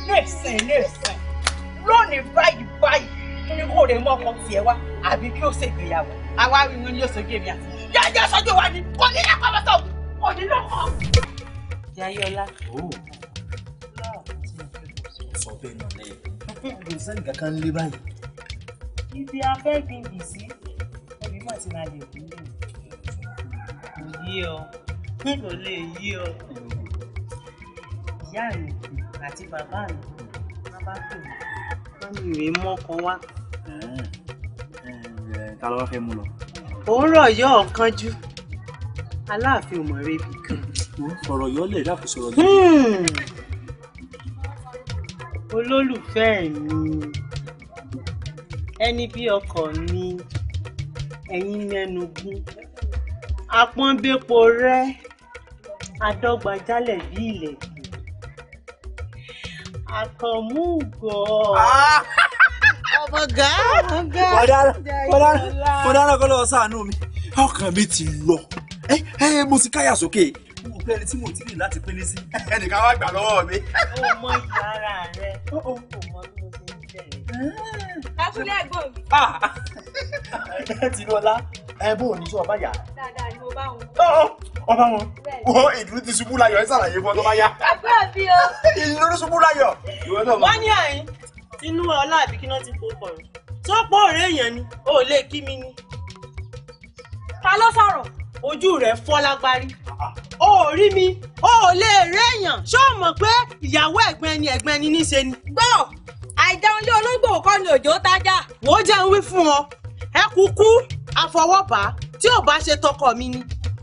nẹ̀sìn nẹ̀sìn lónìí báyìí báyìí ní kó rè mọ ọkọ tiẹ̀ wá àbí kí ó ṣègbéyàwó àwa rí wọn ní oṣooṣù èmi àti yóò jẹ́ sọ́jú wa ni kò ní ẹ̀kọ́ mọ́tò kò ní lọ́kọ̀. Jayọ̀lá. Ó oh. sọ bẹ́ẹ̀ náà lẹ́yìn kò sẹ́ni kankan nílé báyìí. ibi abẹ́gbìngì sí ẹbí mọ̀ sí ra lè kú lè kò yí ọ kò lè yí ọ. ìyá mi àti bàbá mi wọ́n bá pè mí wọ́n ní ìwé mọ́kọ wá. ta ló wá fẹ́ mú lọ. òórọ̀ yọ ọ̀kan jù aláàfin ò mọ̀ rebi kan. sọ̀rọ̀ yọ lẹ̀ dákun sọ̀rọ̀ yọ olólùfẹ́ mi ẹni bí ọkọ mi ẹ̀yin mẹ́nu gún àpọ́nbépo rẹ adọ́gba jálẹ̀ bí ilẹ̀kùn àkànmúgọ. Ah! ọmọgá ọmọgá mo dára kọ́ lọ́wọ́ ṣàánú mi ọkàn mi ti lọ ẹ ẹ mo ti káyà sókè ọpẹ́ ẹni tí mo ti rìn láti pélé sí. ẹnìkan wá gbà lọ́wọ́ mi. ọmọ ìyá ara rẹ kò mọ bí mo ti ń bẹ̀rẹ̀. kásúlẹ̀ ẹ̀gbọ́n mi. Ah! ẹ ti lọ́lá ẹ bó o ní sọ ọba yà. dáadáa ni mo bá wọn. ọba wọn wọ ìdúró ti ṣubú láyọ̀ ẹ ṣàlàyé fún ọtọ́ bá yá. àbúrò bí o. ìdúró ṣubú láyọ̀. wọ́n ní àyín inú ọlá àbí kí náà ti kó pọ̀ rẹ̀ tó pọ̀ ọ̀rẹ́ èèyàn ni o ò lè kí mi ni. ta ló sọ̀rọ̀ ojú rẹ̀ fọ́ lágbárí ó rí mi ó lè rẹ́yàn ṣé o mọ̀ pé ìyàwó ẹ̀gbọ́n ẹni ẹ̀gbọ́n ẹni níṣe ni. gbọ́ àìjẹun lé olóńgbò kọ́ ni òjò tájà. wò ó jẹun wí fún ọ ẹ kú kú àfọwọ́bá tí ò bá ṣe tọkọ mi ni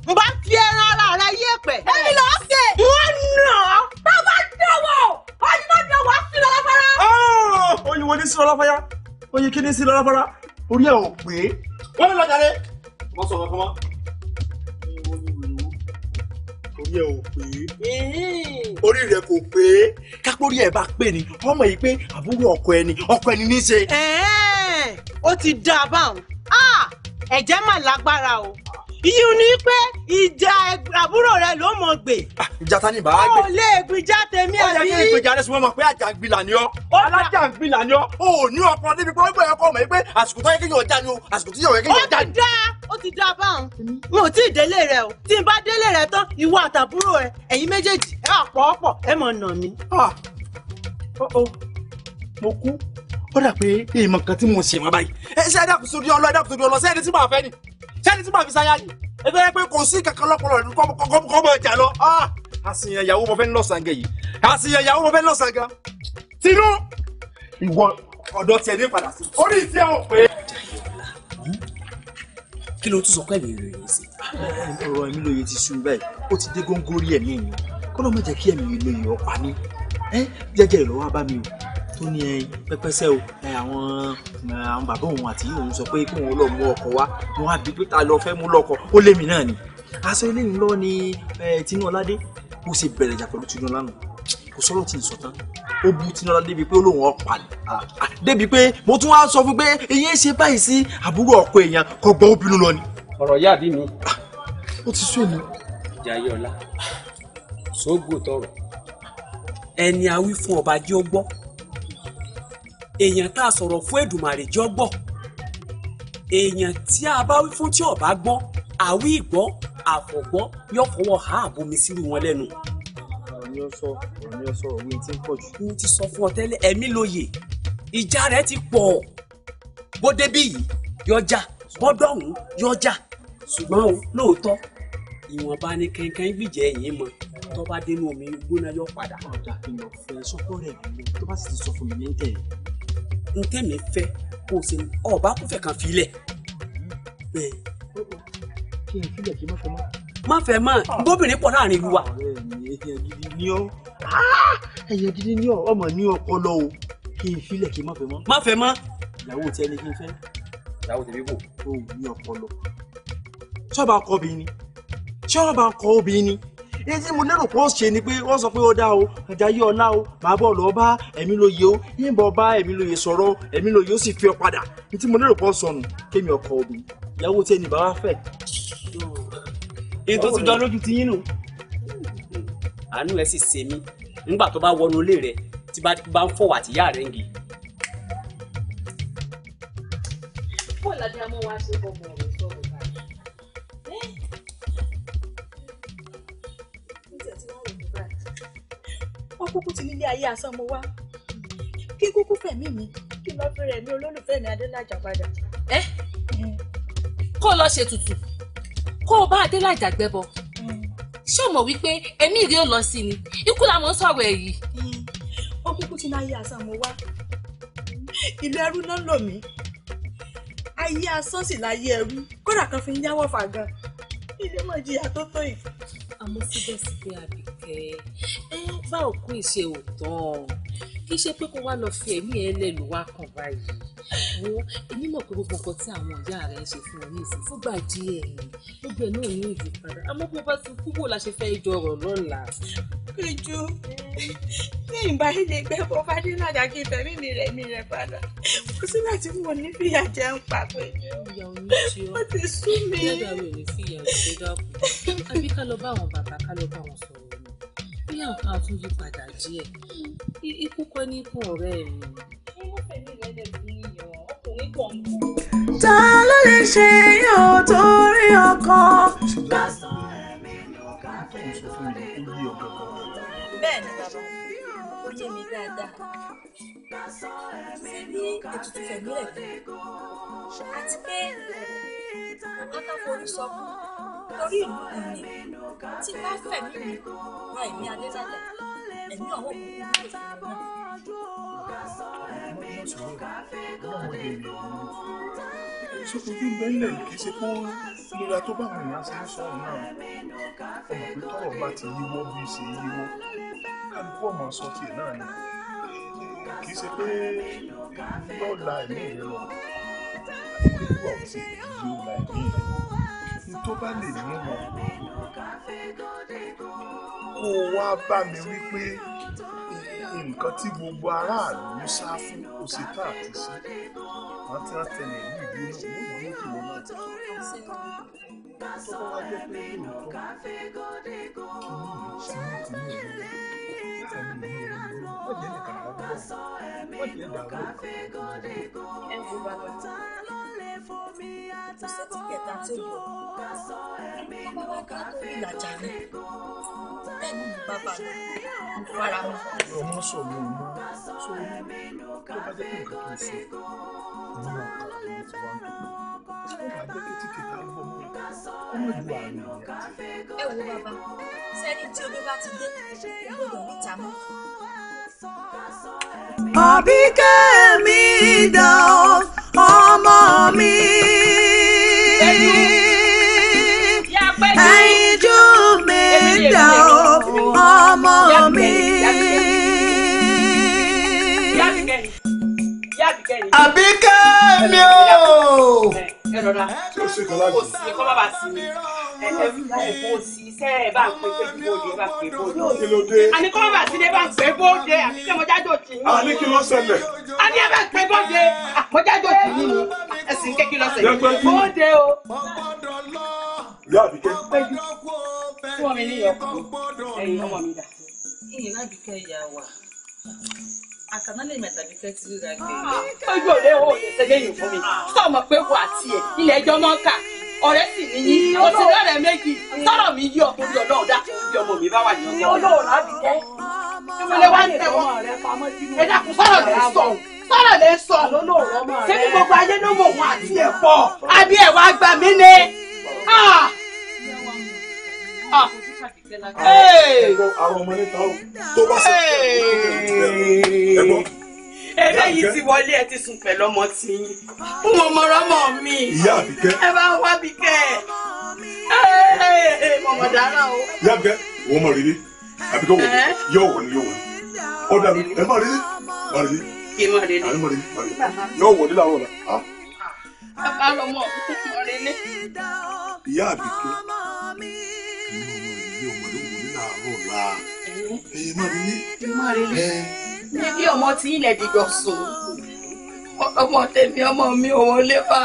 n bá fi ẹran ara rẹ yí èpè. èmi lọ sè. wọn nà á. tó bá dọwọ ọyìnbó dọwọ sí lọ láfárá. oyinbo ní sí lọ láfárá oyin kí ní sí lọ láfárá orí ẹ ò pé wọn lọ jàre. wọn sọ wọn kọ yẹ ò pé orí rẹ kò pé kápórí ẹ bá pè ní wọn mọ̀ yìí pé àbúrò ọkọ ẹni ọkọ ẹni ní í ṣe. ó ti dáa báwọn ah! ẹ̀jẹ̀ mà lágbára o ìyún ni pé ìjà àbúrò rẹ ló mọ̀ gbè. Ah, ìjà ta ni bàá gbé. o lè gbìjà tèmi àbí. ó yẹ kí ìgbèjà rẹ sùnmọ́ mọ̀ pé àjàngbìlà ni ọ́. alájàngbìlà ni ọ́. o ò ní ọkọ débi pé ó gbọ́ ẹ̀kọ́ mọ̀ pé àsìkò tó yẹ kí yóò já ni o àsìkò tí yẹ kí yóò já ni. ó ti dá ó ti dá báwọn. mo ò délé rẹ o tí n bá délé rẹ tán ìwọ àtàbúrò rẹ ẹ̀yin méjèèjì ẹ àpọ̀ ọ̀pọ̀ ẹ mọ̀ nà mí. Ah. mo kú ó dà pé èèmọ̀ kan tí mo ṣe wọn báyìí ẹ ṣe ẹdàkùn sórí ọlọ ẹdàkùn sórí ọlọ sẹ́ni tí màá fẹ́ ni sẹ́ni tí màá fi sáyà yìí ẹgbẹ́ yẹn pé kò sí kankan lọ́pọ̀lọ́ rẹ̀ kọ́ mọ̀ ẹ̀jà lọ àṣìyàn ah! ìyàwó mo fẹ́ ń lọ́sàn-án yìí àṣìyàn ìyàwó mo fẹ́ ń lọ́sàn-án gan tinú ìwọ ọ̀dọ́ tiẹ̀ ní padà sí orí ìfẹ́ ò pé. kí ló tún sọ pé èmi ìròyìn sí. ọ̀rọ̀ èmi lóye ti sùn báyìí ó ti dé góńgóri ẹ̀mí mi kọ́nà má jẹ́ kí ẹ̀mí lóye ọ̀pá mi jẹ́jẹ́ ìlọ́wọ́ bá mi o tó ní ẹ pẹpẹsẹ o ẹ àwọn àwọn bàbá òun àti òun sọ pé kóun lọ mú ọkọ wá wọn á bí pé lọ fẹ́ mú lọkọ ó lémi náà ni aṣọ eléyìí lọ ni tinú ọládé ó sì bẹ̀rẹ̀ jà pẹ̀lú tinú ọlánà kò sọ̀rọ̀ tí ì sọ tán ó bu tinú ọlá débi pé ó lóun ọ̀pá ni débi pé mo tún wá sọ fún pé ìyẹn ṣe báyìí sí àbúrò ọkọ èèyàn kò gbọ́ obìnrin lọ ni. ọ̀rọ̀ yá àbí mi. ó ti sún mi. ìjà ọlá sóògùn tọrọ ẹni awí fún ọba jẹ́ ó gbọ́ èèyàn tá a sọ̀rọ̀ fún Èdùmàrè jọ́ gbọ́ èèyàn tí a bá wí fún tí ò gbọ́ àwí ìgbọ́ àfọ̀gbọ́ yóò fọwọ́ ha àbomi sírú wọn lẹ́nu. ọ̀rọ̀ yóò sọ ọ̀rọ̀ yóò sọ òwe tí ń pọ̀ jù. mo ti sọ fún ọ tẹ́lẹ̀ ẹ̀mí lóye ìjà rẹ̀ ti pọ̀ bó débí yìí yọjà bọ́dọ̀hún yọjà ṣùgbọ́n o lóòótọ́ ìwọ̀nba ni kankan gbìjẹ́ ẹ̀yìn mọ́ tó dénú omi gbóná yọ padà. ọ̀dà kìlọ̀ fún ẹ sọ́kọ́ tó bá sì ti sọ fún mi ní tẹ̀lé n tẹ̀mí fẹ́ kó o ṣe ni ọba kò fẹ́ kàn filẹ̀. kí n filẹ̀ kí n má fẹ́ mọ́. má fẹ́ mọ́ bóbìnrin pọ̀ láàrin ìlú wa. ẹyẹ ah, gidi ni ọ ah, ẹyẹ gidi ni ọ ọmọ ní ọpọlọ o kí n filẹ̀ kí n má fẹ́ mọ́. má fẹ́ mọ́. ìyàwó tí ẹni kí n fẹ́. ìyàwó tèmi kò. o ní ọpọlọ. sọ́ba kọ́ obìnrin ni sọ́ba kọ́ obìnrin ni èyí tí mo lérò pé ó ṣe ni pé wọ́n sọ pé ó dá o àjàyí ọlá o màá bọ̀ lọ bá ẹ̀mí lóye o yìnbọn bá ẹ̀mí lóye sọ̀rọ̀ ẹ̀mí lóye ó sì fi ọ padà ní tí mo lérò pé ó sọnù kémi ọkọ òbí ìyàwó tí ẹni bàbá fẹ́. èyí tó ti dán lójú ti yín nù àánú ẹ sì ṣe mí nígbà tó bá wọnú ilé rẹ tí bá ń fọwọ́ àtìyá rẹ ń gi. bó ìlàjà mọ́ wa ṣe bọ̀ wọ́n kúkú ti nílé ayé asán mo wá kí kúkú fẹ̀mí mi kí lọ́ọ́ fi rẹ̀ mí olólùfẹ́ mi adélájà padà. ẹ kó lọ ṣe tutù kó o bá adélájà gbẹbọ ṣé o mọ̀ wípé ẹ̀mí rí ó lọ sí ni ikú la mọ̀ ń sọ̀rọ̀ ẹ̀ yìí. ó kúkú ti náà ayé asán mo wá ìlú ẹrú náà lò mí ayé asán sì láyé ẹrú kódà kan fi ń yáwọ́ fà ilé máa jìyà tó tó yìí. àmọ́ síbẹ̀síbẹ̀ àbíkẹ́ ẹ bá òkú ìṣe òótọ́ kì í ṣe pé kó wá lọ fi ẹ̀mí ẹ lẹ́nu wá kàn báyìí wo èmi mọ̀ pé gbogbo nǹkan tí àwọn ìyá rẹ̀ ṣe fún ọ ní ìsìn fúgbà díẹ̀ gbogbo ẹ̀ náà ní ìdí padà àmọ́ bó bá ti kú bò la ṣe fẹ́ jọ ọ̀rọ̀ lọ́la. péjú ní ìbáyé lè gbẹ́ bó bá dé náà kí fẹ̀mí mi rẹ̀ mi rẹ̀ padà kò sígbà tí mo ní fìyà jẹ ń pa péjú ó ti sú mi. ìyá mi ò ní fìyà jẹ dákun àbí ká lọ bá àwọn bàbá ká lọ bá wọn sọ̀rọ̀ bí àpá tún yí padà díẹ̀ ikú kọ́ ní ikú ọ̀rẹ́ mi. ta ló lè ṣe yóò torí ọkọ lásán ẹ̀mí ló ká fẹ́ lọ́lẹ̀ bẹ́ẹ̀ ni bàbá ó yé mi dáadáa ṣe ní ètùtù fẹ̀mí rẹ̀ àti pé ọkọ̀ forí sọ fún un torí ìlú mi tí bá fẹ̀mí mi gba ẹ̀mí adélájà ẹ̀mí ọ̀wọ́ mi ní ìlú sọ́kòjú bẹ́lẹ̀ kì í ṣe kó nira tó bá àwọn èèyàn ṣe sọ̀rọ̀ náà ọmọ pé tọ́rọ̀ bá ti yíwọ́ bí ṣe yíwọ́ kálukú ọmọ sọ tiẹ̀ náà ni kì í ṣe pé yóò ẹ̀mí rẹ lọ àti pé yóò la ẹ̀mí rẹ lọ tó bá lè mú wọn kó o wá bá mi wípé nǹkan tí gbogbo aráàlú ń sá fún kò sí tá à ti sí wọn ti rántí ẹni ìlú ìbínú wọn mú kí wọn máa tẹ tó bá wá jẹ pé yóò tọ kí ní ìtìmí ìlú ìtìmí ìlú ìlú wọn jẹ nìkan kan wọn jẹ dàrú. ẹ wo bàbá ọ̀sẹ̀ tí kẹta tí ó lọ bàbá wa ká lórí ìlàjà ọmọ sọ̀rọ̀ ọmọ tó bá jẹ́ kí nǹkan tó ṣe ọmọ nǹkan tó ń tẹ̀wá ń tó tí wọ́n bá jẹ́ kí tí kẹta ń bọ̀ mọ́ ọmọ ìlú àárín rẹ̀. ẹ wo bàbá sẹ́ni tí omi bá ti dé ìgbọ́dọ̀ níta mọ́. àbíkẹ́ mi dà ọmọ mi. ẹyinjú mi dà ó ọmọ mi. àbíkẹ́ mi ò rárá kò kọ́ bá ń bá pè bóde. àti tí mo jájò tì í. kí ló ṣẹlẹ̀. àní ẹ bá ń bóde mo jájò tì í ni ẹ̀sìn kékí lọ sẹ̀yìn bóde o. ìyá àbíkẹ́. péjú fún mi ní ìyọkùn ẹ̀yìn ọmọ mi dà. ìyìn náà bí kẹ́ ìyá wa àkànná lèmi àtàbí fẹ́ ti ríra gbé. ojú òde ò lè ṣẹlẹ́yìn fún mi sọ̀mọ̀ pé wà tiẹ̀ ilẹ̀ ẹjọ́ mọ́ kà ọ̀rẹ́ sì ni yín o ti lọ́rẹ̀ méjì sọ̀rọ̀ mi yí ọkùnrin ọlọ́run dákun bí ọmọ mi bá wà ní ọjọ́. olóòrùn àbíkẹ́ ìmọ̀lẹ́ wa ń tẹ̀wọ́ ẹ dákun sọ̀rọ̀ lè sọ sọ̀rọ̀ lè sọ ṣé kí gbogbo ayé ló mọ̀ wọ́n àti ẹ̀ pọ̀ àbí ẹ̀ wá gbà mí ni. Ah! àwọn ọmọ níta o tó bá sọ eléyìí ti wọlé ẹ ti sùn pẹ̀lú ọmọ tí yín fún mo mọ ọmọ mi ìyá ẹ bá wá bíkẹ́ mọ̀mọ́ dára o. ìyá àbíkẹ́ wọ́n mọ̀ rírì àbíkẹ́ wọ̀ yọ̀ wọ̀ ni yọ̀ wọ̀ ni ọ̀dà mi ẹ mọ̀ rírì mọ̀ rírì kì í mọ̀ rírì mọ̀ rírì yọ̀ wọ̀ ni làwọn ọ̀la. Ah. bàbá lọmọ ọ̀rẹ́ ní. ìyá àbíkẹ́. èyí má rí ní. má rí ní. níbi ọmọ tí ilẹ̀ dìjọ sùn ọmọ tèmi ọmọ mi ò wọlé bá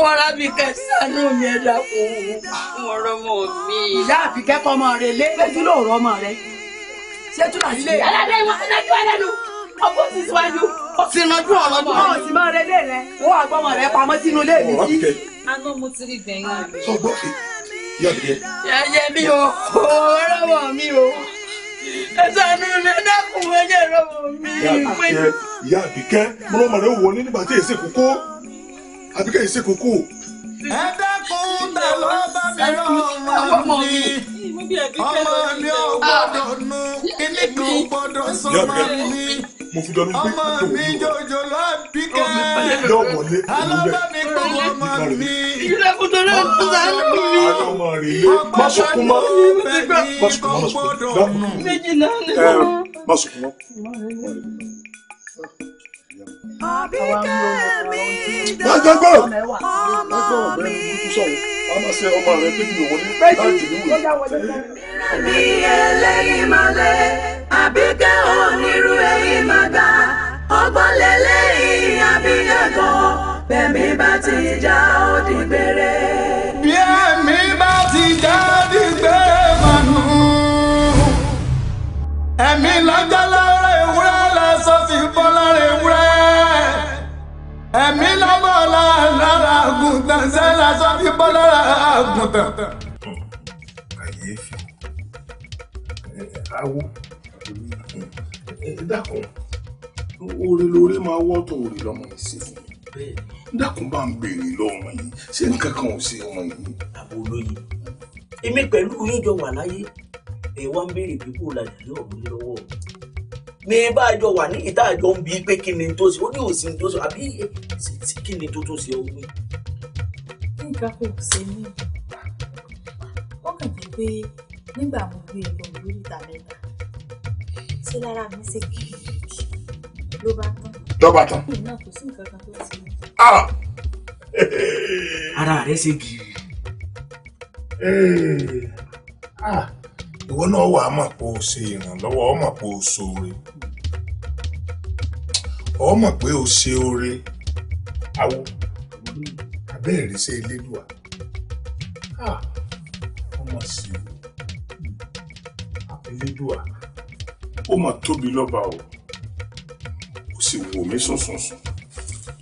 wọn rábì kẹsànù mi ẹ dàpọ̀ wọn rọmọ mi. ìyá àbíkẹ́kọ̀ọ́ ọmọ rẹ lé fẹ́jú lóòrọ ọmọ rẹ ṣẹ́jú láti lé. aládé wọn fẹ́ lẹ́jọ́ ẹlẹ́nu ọkọ̀ ti síwájú. ó ti ranjú ọ̀rọ̀ mọ́. ọ̀ sì máa rẹ lé rẹ ó wà gbọ́mọ rẹ pamọ́ sínú ilé mi sí. aná mo ti rí gbẹ̀yìn. sọ gbọ́ yọ̀dẹ̀. yẹ̀yẹ̀ mi ò ọ̀rọ̀ mọ̀ mi ò. ìyá àbíkẹ́ mo lọ́mọ rẹ̀ wọlé nígbà tí ya kókó àbíkẹ́ èsì kókó. ẹ dákun tà ló bá mi rán ọmọ mi ọmọ mi ò gbọ́dọ̀ nu kíní kan gbọ́dọ̀ sọ máa mi. mo fi jọ ní pé ọmọ mi jòjò lọ bíkẹ́ alábàmí gbogbo ọmọ mi. ìjìnlẹ̀ kùtù rẹ̀ ń ta ẹni mi. ọmọ rẹ̀ lé mọ́sùkùn mọ́ mọ́sùkùn mọ́ mọ́sùkùn mọ́sùkùn mọ́. Àbíkẹ́ mi jòjò ọmọ mi ọmọ ṣe ọmọ rẹ péjú òun ní láti níwò. mi eléyìí máa lé àbíkẹ́ onírú ẹ̀yìn máa ga ọgbọ́n lélẹ́yìn àbíyẹ̀kọ́ bẹ̀mí bá ti já ó di gbére. bá ti já ó di mànú ẹ̀mí lọ́jọ́ lọ́rọ́. ẹ̀mí lọ́bọ̀ lára àgùntàn sẹ́lá sọ fi bọ́ lára àgùntàn. kàyéfì awo dákun oore lóore máa wọ́tò oore lọ́mọ yìí sí fún mi dákun bá ń béèrè lọ́mọ yìí ṣé nǹkan kan ò sí ọmọ yìí. àbò olóyè èmi pẹ̀lú yín jọ wà láyé ẹ̀ wá ń béèrè pípò làjẹ́ ọ̀gbìn lọ́wọ́ mi ní báàjọ wà ní ìta àjọ ń bi pé kí ni tó ṣe ó ní òsì tó ṣe àbí kí ni tó tó ṣe owó. nǹkan kò ṣe mí ó kàn jẹ́ pé nígbà mo gbé ẹ̀gbọ́n mi lórí ìta mẹ́ta ṣé lára mi ṣe kìkì ló bá tán. ló bá tán. náà kò sí nǹkan kan tó ah! ṣe. ara rẹ ṣe gírì ìwọ náà wà á mọ̀ pé o ṣe ìrànlọ́wọ́ ọ mọ̀ pé o ṣoore ọ mọ̀ pé o ṣe oore awo abẹ́ẹ̀rí ṣe elédùà ọmọ sí elédùà ó mà tóbi lọ́ba o ó sì wò mí sùnsùn sùn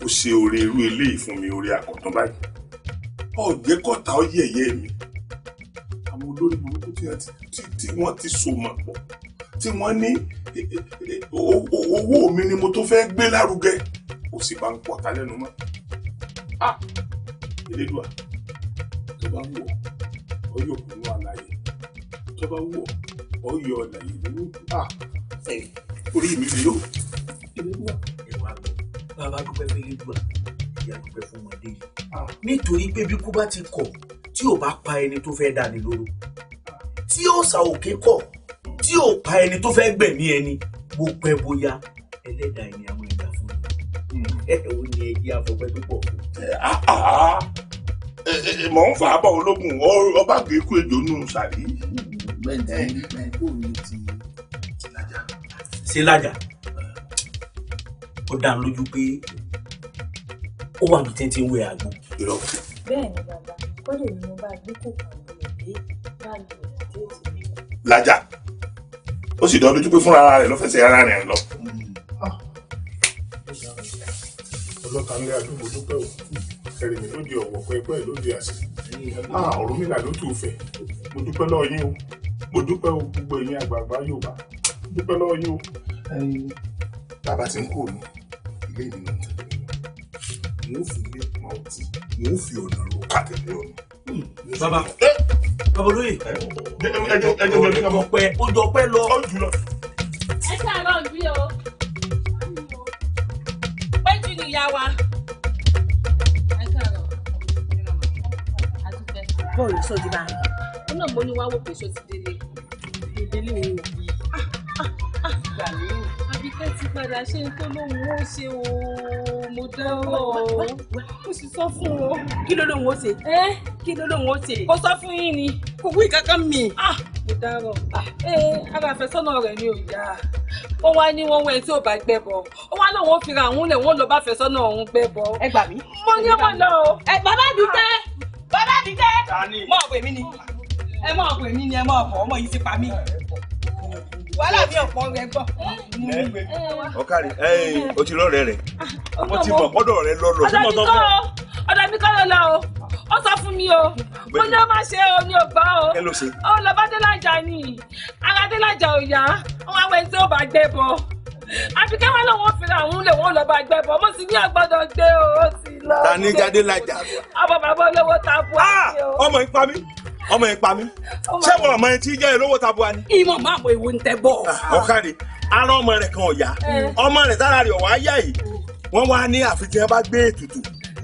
ó ṣe oore irú eléyìí fún mi oore àkọ́tán báyìí ọ̀jẹ̀kọ̀tà ó yẹ̀yẹ́ mi àwọn olórí burúkú tí wọ́n ti so mọ̀ pọ̀ tí wọ́n ní e, e, e, owó mi ni mo tó fẹ́ gbé lárugẹ kò sì bá ń pọ̀ ta lẹ́nu mọ́. Elédùà tó bá wù ọ́ yóò kún ní àlàyé tó bá wù ọ́ yọ àlàyé nínú orí mi rèé o. Elédùà ẹ̀wà bàbá dúpẹ́ fún Elédùà ìyá dúpẹ́ fún ọmọdé yìí nítorí pé bí kú bá ti kọ̀ tí ò bá pa ẹni tó fẹ́ dà ní lóró tí òòṣà òkè kọ̀ tí ò pa ẹni tó fẹ́ gbẹ̀mí ẹni bó pẹ́ bóyá ẹlẹ́dàá ẹni àwọn ẹ̀dá fún mi ẹ ò ní ẹyí afọpẹ́ púpọ̀. Ah, ah, ah. mọ̀ ń fà á bá ológun ọba kì í kú ejò nù sàrí. ṣé lájà ó dá lójú pé ó wà ní tẹ́ntẹ́ wẹ̀ àgbo. bẹ́ẹ̀ ni bàbá kọ́dé ni mo bá gbé kòkò àwọn ìgbé báàgì tí ó ti rí. lájà ó sì dán lójú pé fúnra ara rẹ̀ ló fẹsẹ̀ ara rẹ̀ lọ. Ah. ọlọ́ta ńlẹ́ àdúgbò dúpẹ́ o ẹ̀rìnmí ló di ọ̀wọ̀ pẹ́ẹ́pẹ́ ló di àṣẹ ah, ọ̀rọ̀ mi là ló tù fẹ́ mo dúpẹ́ lọ́ọ́ yín o mo dúpẹ́ o gbogbo ẹ̀yin àgbààgbà Yorùbá mo dúpẹ́ lọ́ọ́ yín o. bàbá ti ń kúrò ní ilé ìdìbò tẹ̀lé mo fi lé mọ mo ń fi ọ̀nà ro kàtẹ́lẹ́ ọ̀nà. bàbá bàbá olóyè ẹjọ ọpẹ́ ojú ọpẹ́ lọ. ẹ ṣàlọ bí o péjú ni ìyá wa. bọ́ọ̀lù sọ́jú bá a. ó náà mo ní wá wò pé sọ ti délé. ìdílé òun ò bí. gbà mí o. Àbíkẹ́ ti padà ṣe ń tó lóun ó ṣe o mo dáwọ́ o mo sì sọ fún o. kí ló lóun ó ṣe. ẹ kí ló lóun ó ṣe. ó sọ fún yín ni. kò wí kankan mi. mo dáwọ́ ẹ ara rẹ̀ ni ò dáa wọ́n wá ní wọ́n wẹ́n tí ò bá gbẹ bọ̀ wọ́n wá lóun ó fi ra àwọn olè wọ́n lọ bá fẹ́sọ́nà ọ̀hún gbẹ bọ̀. ẹ gbà mí. mo ní ọmọ lọ ẹ bàbá mi tẹ bàbá mi tẹ. mọ̀ ọ̀pẹ̀ mi ni ẹ mọ̀ ọ̀pẹ̀ mi ni ẹ mọ̀ ọ̀pọ̀ ọmọ yìí ti pa mí wàhálà mi ọ̀pọ̀ rẹ̀ gbọ́. ọ̀kàrí o ti rọ̀rẹ́ rẹ̀ mo ti mọ̀ kọ́dọ̀ rẹ̀ lọ́lọ́. ọ̀dọ̀ mi kọ́ o ọ̀dọ̀ mi kọ́ ló o ó sọ fún mi o mo ní ó máa ṣe o ní ògbà o ó lọ bá Délájà ni ara Délájà ò yá wọn á wẹ̀ tí ó bá gbẹ bọ àfi kẹwàá lòun ò fi ra àwọn olè wọn lọ bá gbẹ bọ mo sì ní ọgbọdọ gbé o ó ti lọ. ta ni Délájà. ọmọ bàbá olówó ta bu àti ah, o. ọmọ ọmọ yẹn pa mí ṣé wọn ọmọ yẹn ti jẹ́ ìlówó tabua ni. ìmọ̀ máa mọ ìwé ń tẹ bọ̀. Ah, ọ̀kadì ara ọmọ rẹ̀ kan ọ̀yá ọmọ rẹ̀ tára rẹ̀ ọ̀wá yá yìí wọ́n wá ní àfi tí wọ́n bá gbé ètùtù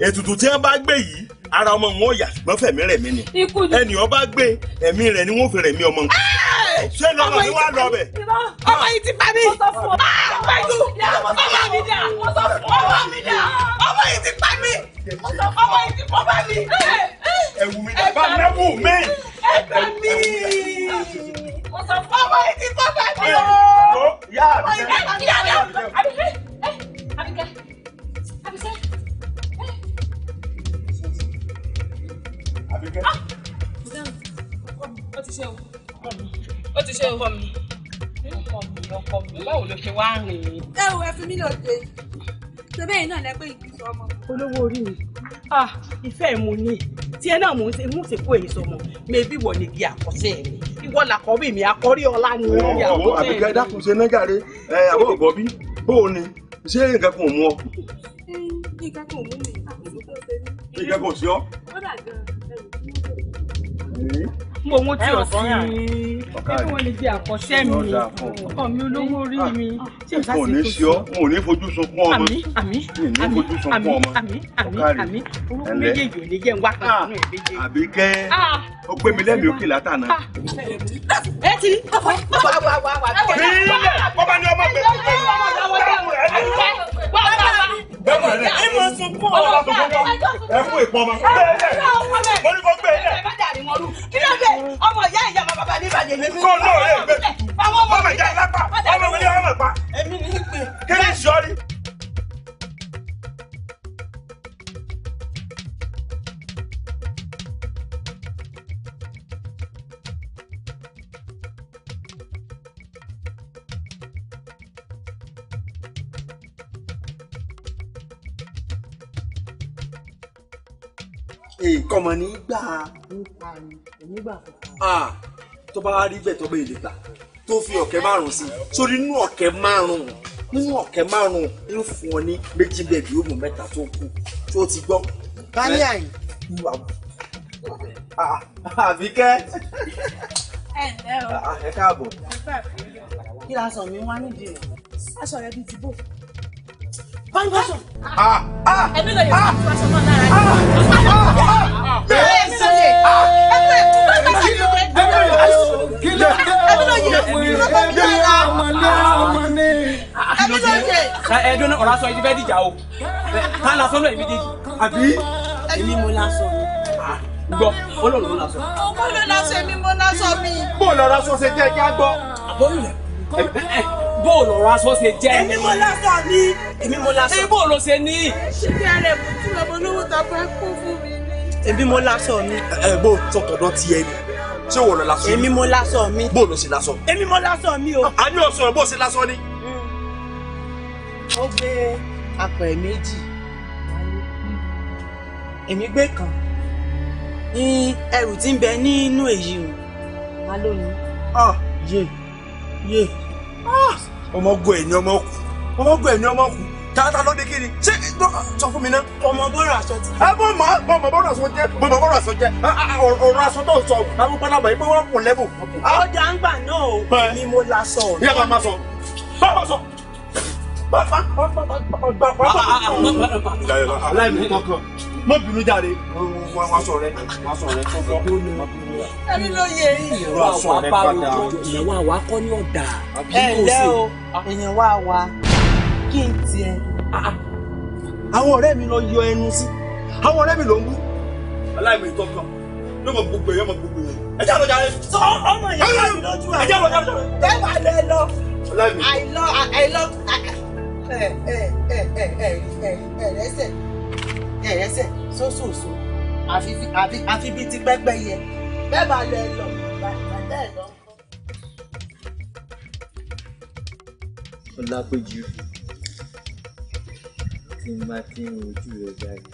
ètùtù tí wọ́n bá gbé yìí ara ọmọ wọn ọ̀yà ṣùgbọ́n fẹ̀mí rẹ̀ mí ni ẹnì ọba gbé ẹ̀mí rẹ̀ ni wọ́n fi rẹ̀ mí ọmọ nǹkan. Ah! ṣé lọ́nà ni wàá lọ bẹ̀. ọmọ yìí ti pa mí. Ah, pẹ̀lú ọmọ mi dà ọmọ mi dà ọmọ yìí ti pa mí. ọmọ yìí ti pọ́ bá mi. ẹ̀wù mi dà bá mẹ́wù mi. ẹ gbà mí. ọmọ yìí ti pọ́ bá mi o. ọmọ yìí ti pọ́ bá ah, mi o. Abike, Abike, Abike. Ah! Ó ti ṣe o ó ti ṣe ọkọ mi ọkọ mi ọkọ mi báwo ló ṣe wá rìn. ẹ wo ẹ fi mí lọ dé ṣe bẹ́ẹ̀ náà lẹ́pẹ́ ìgbésọ ọmọ. olówó orí mi ah ìfẹ́ mo ní tiẹ̀ náà mo ti mú ti kó èyí sọmọ mẹ́bí wọ̀ ní bí àkọsẹ́ mi ìwọ làkọ́bí mi àkọ́rí ọlá ni. ọwọ́ àbíkẹ́ dákun ṣe nágàre ẹ àbọ̀ ọ̀gbọ́ bí bó o ní ṣé nǹkan kan ò mú ọ. nǹkan kan ò mú mi àkókò tó ṣe mí. nǹkan kan ò sí ọ. ó dà gan-an ẹrù tí mo bẹ̀rẹ̀ mo wọn tí o sí nínú wọn lè di àkọsẹ mi ọkọ mi olówó orí mi tí o sá ti fojú sọ mo ní fojú sunkún ọmọ àmì àmì àmì àmì àmì àmì àmì orúkọ méjèèjì ò lè jẹ ń wá kan nínú ẹ méjèèjì. àbí kẹ́ ó pé mi lẹ́mìí òkè látànà. ẹ ti wá wá wá wá wá. bí ilé ọba ni ọmọ bẹ̀rẹ̀ bẹ́ẹ̀ mọ̀ ẹ́ ẹ mọ̀ sunkún ọmọ bàbá ẹ fún ìpọ́nmọ́ bẹ́ẹ̀ bẹ́ẹ̀ mo ní kó gbé ẹ ọmọ ìyá ìyá ọmọ bàbá ní ìbàdàn èmi ní ìbàdàn ọmọ ìbílẹ̀ àwọn ọmọ ìbílẹ̀ ọmọ ìjà ìlápá ọmọ ìbílẹ̀ ọmọ ìpá èmi ní ìpè. kí ni ìṣọ́rí. èkó ọmọ nígbà. nígbà ni èmi gbà fún tó bá rí bẹ́ẹ̀ tó bẹ́ẹ̀ lè gbà tó fi ọ̀kẹ́ márùn-ún sí sórí inú ọ̀kẹ́ márùn-ún nínú ọ̀kẹ́ márùn-ún ń fún ọ ní méjì bẹ́ẹ̀ bí ó mú mẹ́ta tó kù tí ó ti gbọ́. báyìí àyìn. àbíkẹ́. ẹ ǹlẹ́ o. ẹ káàbọ̀. kí la sọ mi wá nídìí rẹ̀ aṣọ rẹ̀ bíi ti bò báyìí bá sọ. Ah, ah, ah, ẹbí lọ yẹ kó tó aṣọ náà lára yìí. bẹ́ẹ̀ ṣe ẹbí lọ yẹ kó tó aṣọ náà lára yìí. ẹ dúró ọ̀rọ̀ aṣọ ibi bẹ́ẹ̀ dìjà o ká la sọ́nà èmi dèjì. àbí èmi mo la sọ gbọ́ ọlọ́run ló la sọ. ọmọ ló la sọ èmi mo la sọ mi. bó o lọ ra sọ ṣe jẹ́ kí a gbọ́. àbọ̀ ìlẹ̀ bó o lọ́ra aṣọ ṣe jẹ́. èmi mo lásọ ni. èmi mo lásọ. èmi bó o lọ ṣe ní. ṣé kí ara ẹ̀bùn tí ọmọ olówó ta fẹ́ kó fún mi ni. èmi mo lásọ mi. ẹ̀gbọ́n tọkàndán ti ẹni ṣé wọ́n lọ lásọ. èmi mo lásọ mi. bó o lọ ṣe lásọ. èmi mo lásọ mi o. a ní ọ̀sán bó o ṣe lásọ ni. ó gbé apẹ̀ méjì èmi gbé kan ní ẹrù tí ń bẹ nínú èyí o. alóyún. ọ ah, yé yé ọmọgọ ẹ ní ọmọ kù ọmọgọ ẹ ní ọmọ kù tààtà lọ́dẹ kí ni ṣé sọ fún mi náà. ọmọ bọ́rọ̀ aṣọ ti. ẹ bọ́ mọ ọmọ bọ́rọ̀ aṣọ jẹ bọ́ mọ bọ́rọ̀ aṣọ jẹ ọ̀rọ̀ aṣọ tó sọ àwọn pálábà yìí pé wọ́n kùn lẹ́bù. ọjà ń gbà náà o ni mo la sọ. yẹ bá ma sọ bá ma sọ. aláìmọ̀ kankan mọ̀ bínú jáde. wọ́n sọ rẹ̀ wọ́n sọ rẹ̀ tó gbọ́ ẹni ló yẹ ìwà wà pariwo ìwà ọ̀dà. ẹ ǹlẹ́ o èèyàn wá kí n tiẹ̀. Ah, ah. àwọn ọ̀rẹ́ mi lọ yọ ẹnu sí àwọn ọ̀rẹ́ mi ló ń bú. aláìmọ̀ ìtọ́kàn ló mọ̀ gbogbo èèyàn mọ̀ gbogbo èèyàn. ẹ jẹ́ àlọ́jà rẹ. sọ ọmọ yẹn wà lójú àwọn. ẹ jẹ́ àlọ́jà rẹ. bẹ́ẹ̀ lẹ lọ. aláìmọ̀ àìlọ àìlọ ẹ ẹ ẹ ẹ ẹ ẹ rẹsẹ̀ ẹ rẹsẹ̀ sósòsò àfi àfi àfi bíi ti pẹ́pẹ́yẹ bẹ́ẹ̀ máa lọ ẹ lọ bàtà ẹ lọ. Ọlápẹ̀jú tí n bá ti ń rojú rẹ jáde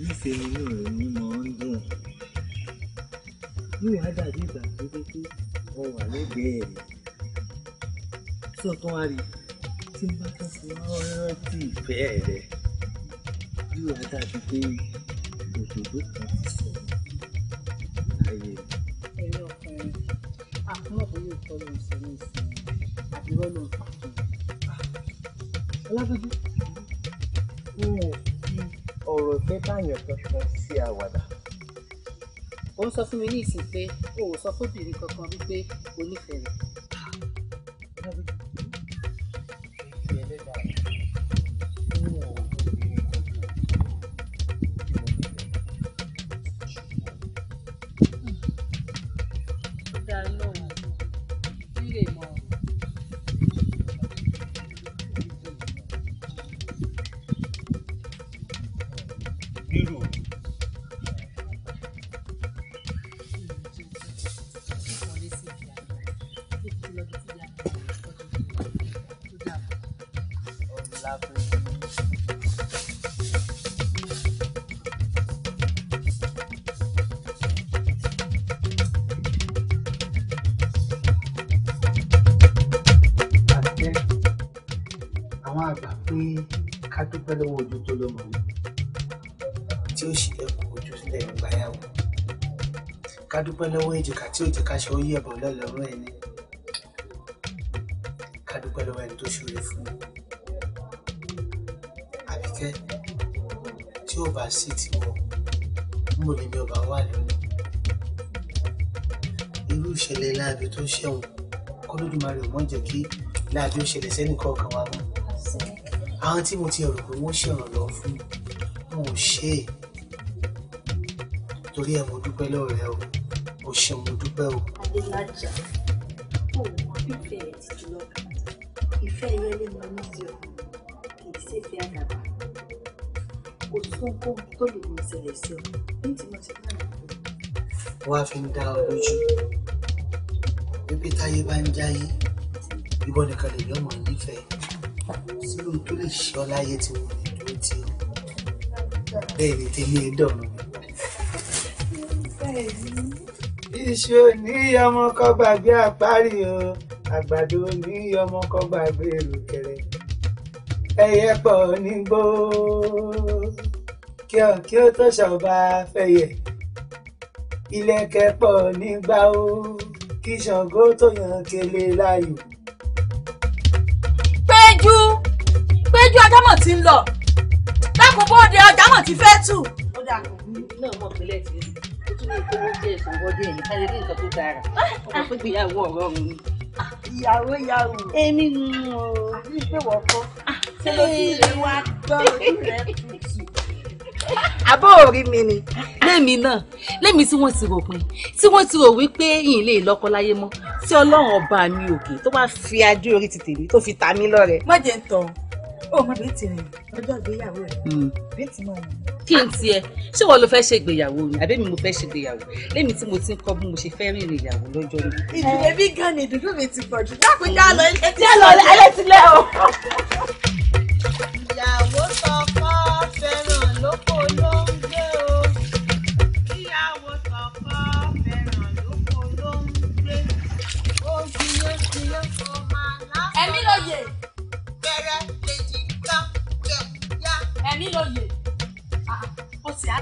níṣẹ́ inú rẹ ní mọ́ ń dùn yóò wá dàbí ìgbà tó dé pé ọ wà lẹ́gbẹ̀ẹ́ rẹ̀ sọ tán wá rí tí n bá tó fi rántí ìfẹ́ rẹ̀ yóò wá dàbí pé òdòdó kan ti sọ. mọ̀ pé yóò tọ́ lóun sọ ní ìsìn àbúrò ló ń pa fún un. ọlábẹ́jú ọ̀rọ̀ ìfẹ́ báyọ̀ kankan sí àwàdà. ó sọ fún mi ní ìsìn pé o ò sọ fóbìnrin kankan wípé o rẹ̀. àgbà pé ká dúpẹ́ lọ́wọ́ ojú tó lọ́mọ ni tí ó sì lẹ́kọ̀ọ́ ojú sílẹ̀ nígbà yàwó ká dúpẹ́ lọ́wọ́ èjìká tí ò jẹ́ ká ṣe oyè ẹ̀bọ̀n lọ́lọ́rọ́ ẹni ká dúpẹ́ lọ́wọ́ ẹni tó ṣòro fún mi àbíkẹ́ tí ò bá sí tiwọn mo lè ní ọba wà lónìí irú ìṣẹ̀lẹ̀ láabi tó ṣẹ̀wọ̀n kọ́lódùmarè ò mọ̀ jẹ́ kí láabi ó ṣẹlẹ̀ sẹ́nìkọ̀ọ̀kan wa mọ́ àwọn tí mo ti rò pé wọ́n ṣèrànlọ́wọ́ fún wọn ò ṣe é torí ẹ mo dúpẹ́ lọ́rẹ́ o o ṣeun mo dúpẹ́ o. adélájà kò mọ fífẹ́ ẹ ti jùlọ ìfẹ́ yẹn lè mọ nídìí ọ kì í ṣèfẹ́ àdàbà kò tún kó tó lè mọ ìṣẹ̀lẹ̀ sí ọ ní tí mo ti bá rẹ̀ pé. wọ́n á fi ń dá ọ lójú wípé táyé bá ń jáyé ìwọ nìkan lè yọmọ nífẹ̀ẹ́ sí tó lè ṣe láyé tí wọn ní dúró tì ọ bẹ́ẹ̀ ni tèmi ẹ dọ̀nà mi. iṣu ní ọmọ kò gbàgbé àpárí o àgbàdo ní ọmọ kò gbàgbé èrùkẹ̀rẹ̀ ẹyẹ pọ̀ nígbó kí ọ kí ó tó ṣọba fẹyẹ ilẹ̀kẹ̀ pọ̀ nígbà ó kí Ṣàngó tó yàn kele láyò. ọjọ́ mọ̀ ti ń lọ dákun bóde ọjà mọ̀ ti fẹ́ tù. ó dà kò ní náà mọ̀ pé lẹ́sìn ó tún ní kó wọ́n jẹ́ ìsọ̀wọ́ díẹ̀ ní káyọ̀ ní nǹkan tó dára ọ̀rọ̀ pé ìgbéyàwó ọ̀rọ̀ ọ̀run ìyàwó ìyàwó. èmi nù ọ́ àbí ìpéwọ̀ kọ́. ṣé ló ti rí wá gbọ́ àbọ̀ orí mi ni. lẹ́mi náà lẹ́mi tí wọ́n ti rò pin tí wọ́n ti rò wípé yìnyín lè lọ́kọ láyé mọ́ tí ọlọ́run ọba mi òkè tó bá fi ajé orí ti tèmi tó fi ta mí lọ́rẹ. má jẹ́ ń tàn ọmọ bíi ti rìn ọjọ́ ìgbéyàwó rẹ̀ bíi hmm. ti mọ̀ ọ́n. kí n tiẹ̀ ṣé wọn ló fẹ́ ṣe ìgbéyàwó ni àbí mi mo fẹ́ ṣe ìgbéyàwó lẹ́mi tí mo ti ń kọ́ bí mo ṣe fẹ́ rìnrìn ìyàwó lọ́jọ́ ni. ìdílé bí gan ni ìdúdú mi ti pọ̀ jù dákúndá lọ ilé ti lẹ́ o.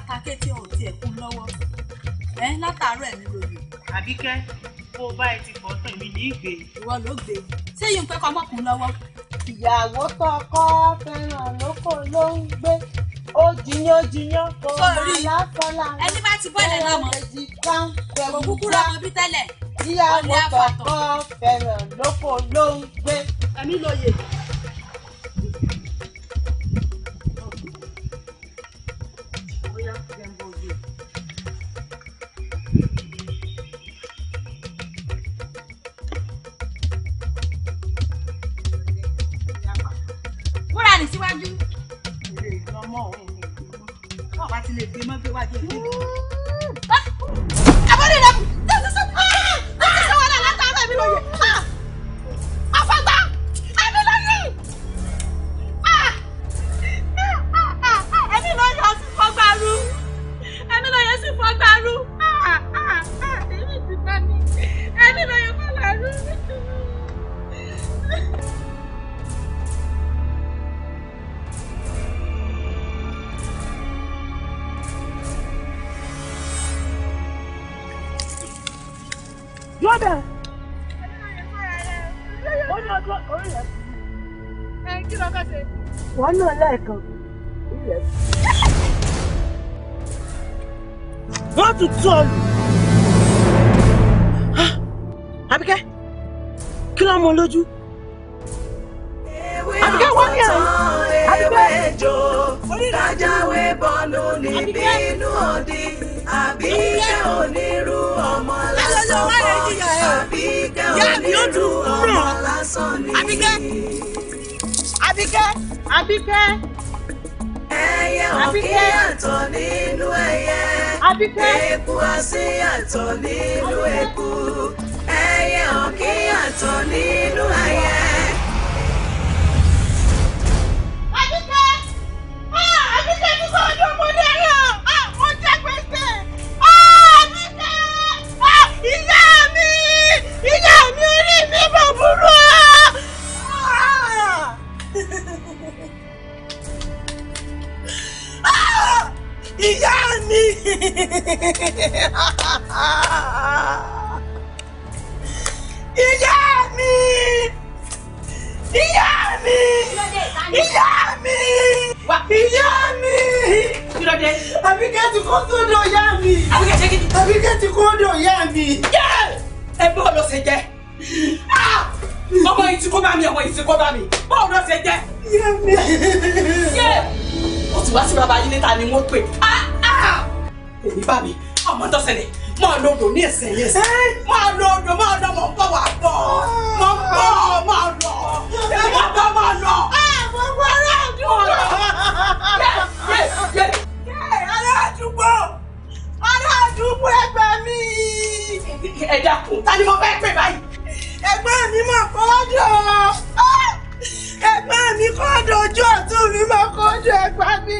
ata kété ò tiẹ̀ kún lọ́wọ́ ẹ látàárọ̀ ẹ̀mí lòlù. àbíkẹ́ bó o bá ẹ ti fọ́ tán èmi ní ìgbé. ìwọ ló gbé ṣé yìí ń pẹ́ kọ́ mọ́kùn lọ́wọ́. ìyàwó tọkọ fẹ́ràn lóko ló ń gbé ó jiyán jiyán kó máa láfọlá ẹni bá ti bọ́ọ̀lẹ̀ náà mọ̀ kò kúkú ra wọn bí tẹ́lẹ̀. ìyàwó tọkọ fẹ́ràn lóko ló ń gbé. ẹ̀mí lóye. ní bínú òdì àbíkẹ́ onírú ọmọ lásán kọ́ àbíkẹ́ onírú ọmọ lásán ní. àbíkẹ́ àbíkẹ́ àbíkẹ́. ẹyẹ ọ̀kí yàtọ̀ nínú ẹyẹ eku así yàtọ̀ nínú eku ẹyẹ ọ̀kí yàtọ̀ nínú ẹyẹ. ìyá mi. ìyá mi. ìyá mi. ìyá mi. ìyá mi. Kílódé. Àbíkẹ́ ti kó sódò ìyá mi. Àbíkẹ́ ṣe kí ni. Àbíkẹ́ ti kó sódò ìyá mi. Ẹ bí wọ́n lọ ṣe jẹ́ ah! ọmọ yìí bá mi ọmọ yìí bá mi báwo ló ṣe jẹ. yé mi. yé mo ti wá sí bàbá yín níta ni wọ́n pè kò ah, ní ah! bá mi ọmọ tó ṣẹlẹ̀ máa lọ odò ní ẹsẹ̀ yẹn sí máa lọ odò máa lọ mọ̀ ń bọ̀ wà bọ̀ mọ̀ ń bọ̀ máa lọ ẹ má bọ̀ máa lọ. Ah, gbogbo ará àdúgbò ará àdúgbò ará àdúgbò ẹgbẹ́ mi. ẹ dákun ta ni mo fẹ́ pè báyìí. ẹgbẹ́ mi máa fọwọ́ jọ ẹgbẹ́ mi kọ́ dojú ọ̀tún mi máa kọ́ ju ẹgbẹ́ mi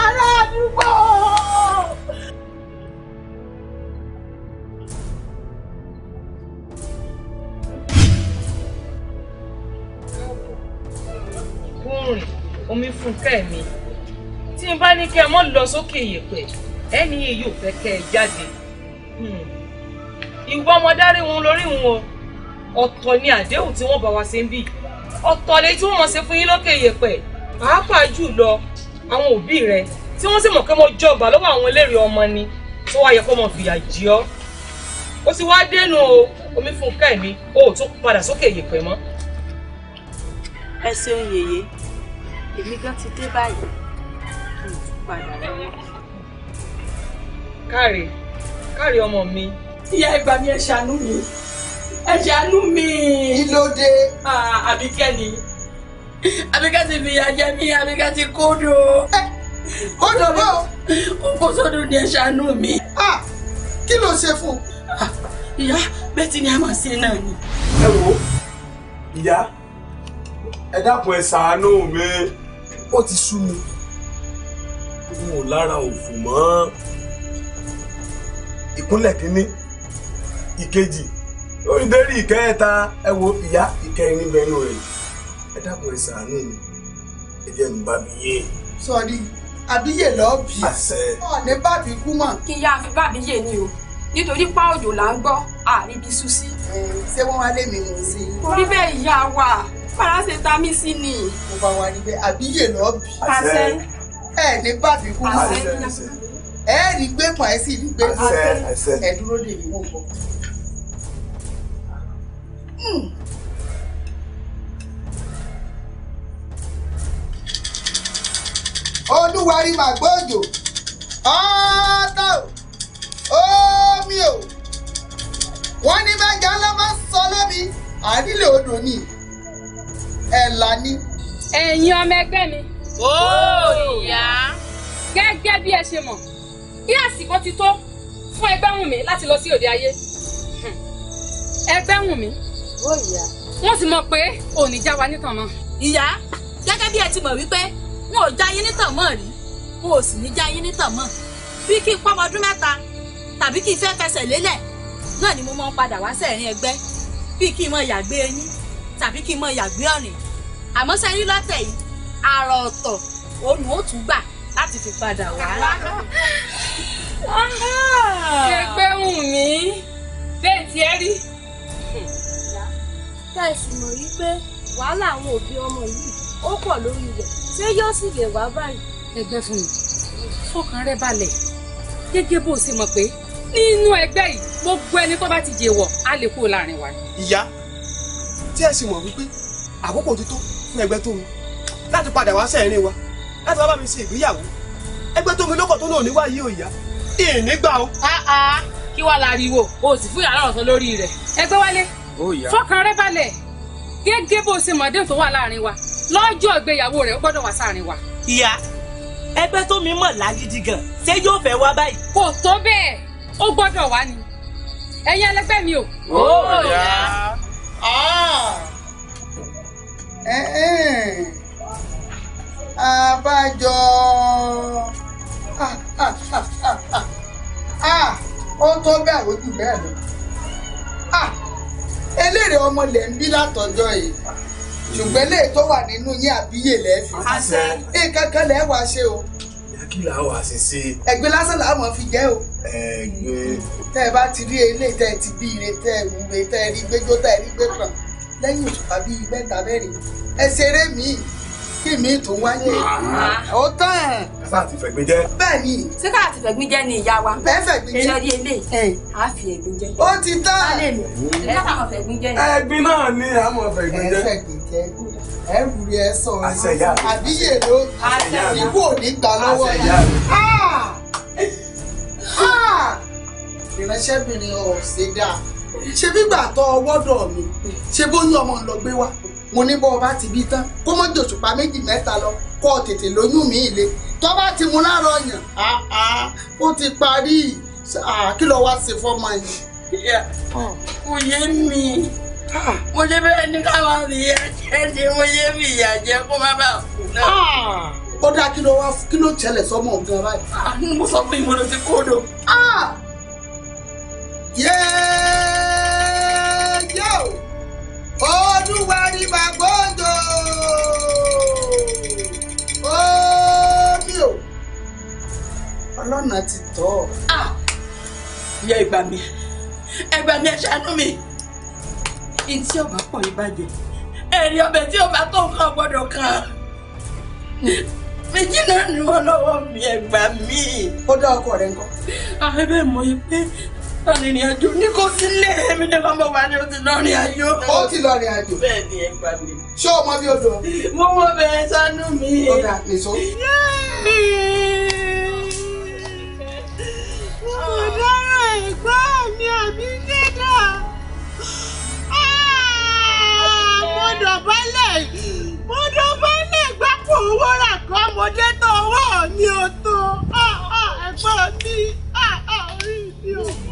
ará àdúgbò. orin omi fúnkẹ́ mi tí n bá ní kẹ́ ẹ mọ́ lọ sókè yẹ̀pẹ̀ ẹni yìí yóò fẹ́ kẹ́ ẹ jáde hmm. ìwọ ọmọdárí wọn lórí wọn ọ̀tọ̀ ni àdéhùn tí wọ́n bá wa ṣe ń bì yìí ọ̀tọ̀ lè tí wọ́n mọ̀ ṣe fún yín lókè yèpẹ̀ pàápàá jù lọ àwọn òbí rẹ tí wọ́n sì mọ̀ pé mo jọba lọ́wọ́ àwọn eléré ọmọ ni tó wáyé kó mọ̀ fìyà jì ọ́ ó ti wá dénú o omi fún ká ẹ̀mí o ò tún padà sókè yèpẹ̀ mọ́. ẹ ṣeun yèyé èmi gan ti dé báyìí kí n tún padà lọ́wọ́. káre káre ọmọ mi. ìyá ìgbà mi ẹ ṣàánú mi ẹ ṣàánú mi. kí ló dé. àbíkẹ́ ni àbíkẹ́ ti fìyà jẹ mí àbíkẹ́ ti kódò. kódò bò. kókó sódò ni ẹ ṣàánú mi. kí ló ṣe fún. ìyá bẹ́ẹ̀ tí ni a máa ṣe náà ni. ẹ wo ìyá ẹ dákun ẹ ṣàánú mi ó ti sú mi n ò lára òfò mọ́ ìkúnlẹ̀ kínní ìkejì lórí dérí ìkẹta ẹ wo ìyá ìkẹrin níbẹ̀ nù rẹ̀ ẹ dákun ẹ sàánú mi ẹ jẹ́ mi bá mi yé. sọrí àbíyè lọ́ọ́ bí bàbí kú kí n fi bàbí yé ni o nítorí pa òjò là ń gbọ́ àríbi susi. ṣé wọ́n wá lé mi mú sí. orí bẹ́ẹ̀ ìyá wa faransé ta mí sí ni. mo bá wa rí bẹ́ẹ̀ àbíyè lọ́ọ́ bí. àṣẹ ẹ ní bàbí kú mọ̀ ẹ rí gbé pọ̀ ẹ sì rí gbé ẹ dúró dè mí bọ̀. Hmm. olúwarí màgbọ́jọ ọ́tà omi o wọ́n ní mẹ́jà ńlá máa ń sọ lómi àdílé odò ni ẹ̀là ni. ẹ̀yin ọmọ ẹgbẹ́ mi. ó ìyá. gẹ́gẹ́ bí ẹ ṣe mọ̀ bí àsìkò ti tó fún ẹgbẹ́ wùn mí láti lọ sí òde ayé hmm. ẹgbẹ́ wùn mí wọ́n sì mọ̀ pé òní já wa nítàn mọ́. ìyá gẹ́gẹ́ bí ẹ ti mọ̀ wípé wọn ò já yín nítàn mọ́ rí wọn ò sì ní já yín nítàn mọ́ bí kí n pọ́mọ ọdún mẹ́ta tàbí kí n fẹ́ fẹsẹ̀ lélẹ̀ náà ni mo máa ń padà wá sẹ́ẹ̀rin ẹgbẹ́ bí kí n mọ yàgbé ẹyin tàbí kí n mọ yàgbé ọ̀rìn àmọ́ sẹ́yìn lọ́tẹ̀ yìí àrà ọ̀tọ̀ òun ò tún gbà láti fi padà wá. ẹgbẹ́ wù mí bẹ́ẹ̀ tiẹ́ rí tẹ̀sí mọ̀ wípé wàhálà àwọn òbí ọmọ yìí ó pọ̀ lórí rẹ̀ ṣé yóò sì lè wá báyìí. ẹgbẹ́ fún mi fọkàn rẹ balẹ̀ gẹ́gẹ́ bó o ṣe mọ̀ pé nínú ẹgbẹ́ yìí gbogbo ẹni tó bá ti jẹ́wọ́ á lè kúrò láàrin wa. ìyá tí ẹ mọ̀ wípé àkókò ti tó fún ẹgbẹ́ tó mi láti padà wá sẹ́ẹ̀rin wa láti wá bá mi ṣe ìgbéyàwó ẹgbẹ́ tó mi lọ́kọ̀ tó lòun níwáyé ò yá ìnígbà o. kí wàá la ariwo o sì fún yàrá ọ̀sán lórí rẹ̀ ẹgbẹ́ wálé fọkàn rẹ balẹ̀ gẹ́gẹ́ bó ṣe mọ̀dé tó wà láàrin wa lọ́jọ́ ìgbéyàwó rẹ̀ ó gbọ́dọ̀ wá sáàrin wa. ìyá ẹgbẹ́ tó mi mọ̀ lágídí gan ṣé yóò fẹ́ wá báyìí. kò tó bẹ́ẹ̀ ó gbọ́dọ̀ wá ni ẹ̀yin ẹlẹgbẹ́ mi o. ó yá àbájọ ah. ah, ah, ó tó bẹ́ẹ̀ ó jù bẹ́ẹ̀ lọ eléèrè ọmọ lẹ̀ ń bí látọjọ́ yìí ṣùgbọ́n eléyìí tó wà nínú yín àbíyè lẹ́ẹ̀fì nǹkan kan lẹ́ẹ̀ wá ṣe o. kí là á wà sí sí. ẹgbẹ́ lásán làá mọ̀ fi jẹ́ o. ẹgbẹ́. tẹ́ ẹ bá ti rí eléyìí tẹ́ ẹ ti bí ire tẹ́ ẹ wúwe tẹ́ ẹ rí gbẹ́jọ́ tẹ́ ẹ rí gbẹ́kàn lẹ́yìn òṣùpá bíi mẹ́ta mẹ́rin ẹ ṣeré míì kí mi tó wáyé ó tán. sáà ti fẹ̀gbin jẹ́. bẹ́ẹ̀ ni. ṣé káà ti fẹ̀gbin jẹ́ ni ìyá wa. bẹ́ẹ̀ fẹ̀gbin jẹ́. ìṣẹ́rí eléyìí á fi ẹ̀gbin jẹ́. ó ti tán. sálẹ̀ mi ẹ káàmọ̀ fẹ̀gbin jẹ́ ni. ẹ̀gbin náà ni a mọ̀ fẹ̀gbin jẹ́. ẹ fẹ̀gbin jẹ́ ẹ wùrí ẹ sọ ọ àbíyè ló ikú ò ní gbà lọ́wọ́ yẹn. ìránṣẹ́bìnrin ọ̀ ṣe dáa ṣe bí gbà tọ́ ọwọ́dọ̀ mi ṣe bó ní ọmọ ń lọ gbé mo ní bọ́ ọ bá ti bí tán kó mọ́ jòṣùpá méjì mẹ́ta lọ kó o tètè lóyún mi ìle tó bá ti mu láàárọ̀ yàn àá ó ti parí kí ló wá ṣe fọ́mọ yìí. kò yé mi mo ṣe bẹ́ẹ̀ ní káwọn rí ẹ̀jẹ̀ ṣe mo yé mi ìyà jẹ kó má bàa kú náà. ó dáa kí ló wá kí ló ṣẹlẹ̀ sọ́mọ gan báyìí. Ah, mo sọ fún ìmọ̀lẹ́ ti kó lò. yéé yóò olúwarí bàbá òjò omi o ọlọ́nà ti tọ́ ọ. ìyá ìgbà mi ẹgbà mi ẹ ṣàánú mi ntí ọba pọ̀ yìí bàjẹ́ ẹ̀rí ọbẹ̀ tí ọba tó nǹkan gbọ́dọ̀ kan méjì náà ni wọ́n lọ́wọ́ mi ẹ̀gbà mi. ó dá ọkọ rẹ ńkọ́. àwọn ẹbẹ̀ mọ̀ yìí pé arìnrìn àjò ní kò sílé èmi ní kò mọ̀ wá ní o ti lọ rìn àjò. ó ti lọ rìn àjò. bẹ́ẹ̀ ni ẹ gbà mí. ṣé o mọ bí o dùn. mo mọ bẹ́ẹ̀ sánú mi. ọ̀dà nìṣó. ọ̀dọ́rọ̀ ẹ̀gbọ́n mi àbí jẹ́dá ah, mo dọ̀bálẹ̀ mo dọ̀bálẹ̀ gbapò owó rà kan mo dé tó owó mi ò tó ah, ah, ẹ̀gbọ́n mi oh, mi ò.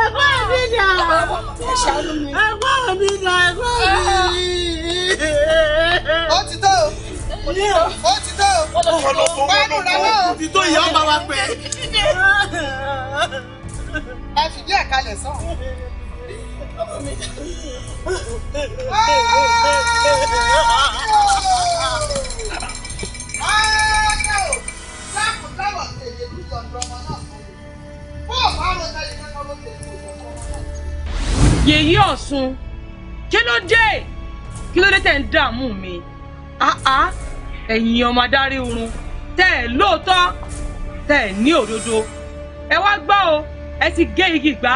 ẹ̀gbọ́n mi dà ẹ̀gbọ́n mi dà ẹ̀gbọ́n mi. ó ti tó ó ti tó wẹ́ẹ̀nù rẹ náà ó ti tó ìyá ọba yèyí ọ̀sùn kí ló dé kí ló dé tẹ̀ ń dààmú mi ẹ̀yin ọmọ adarí oorun tẹ̀ ẹ̀ lóòótọ́ tẹ̀ ẹ̀ ní òdodo ẹ wá gbọ́ o ẹ ti gé igi gbá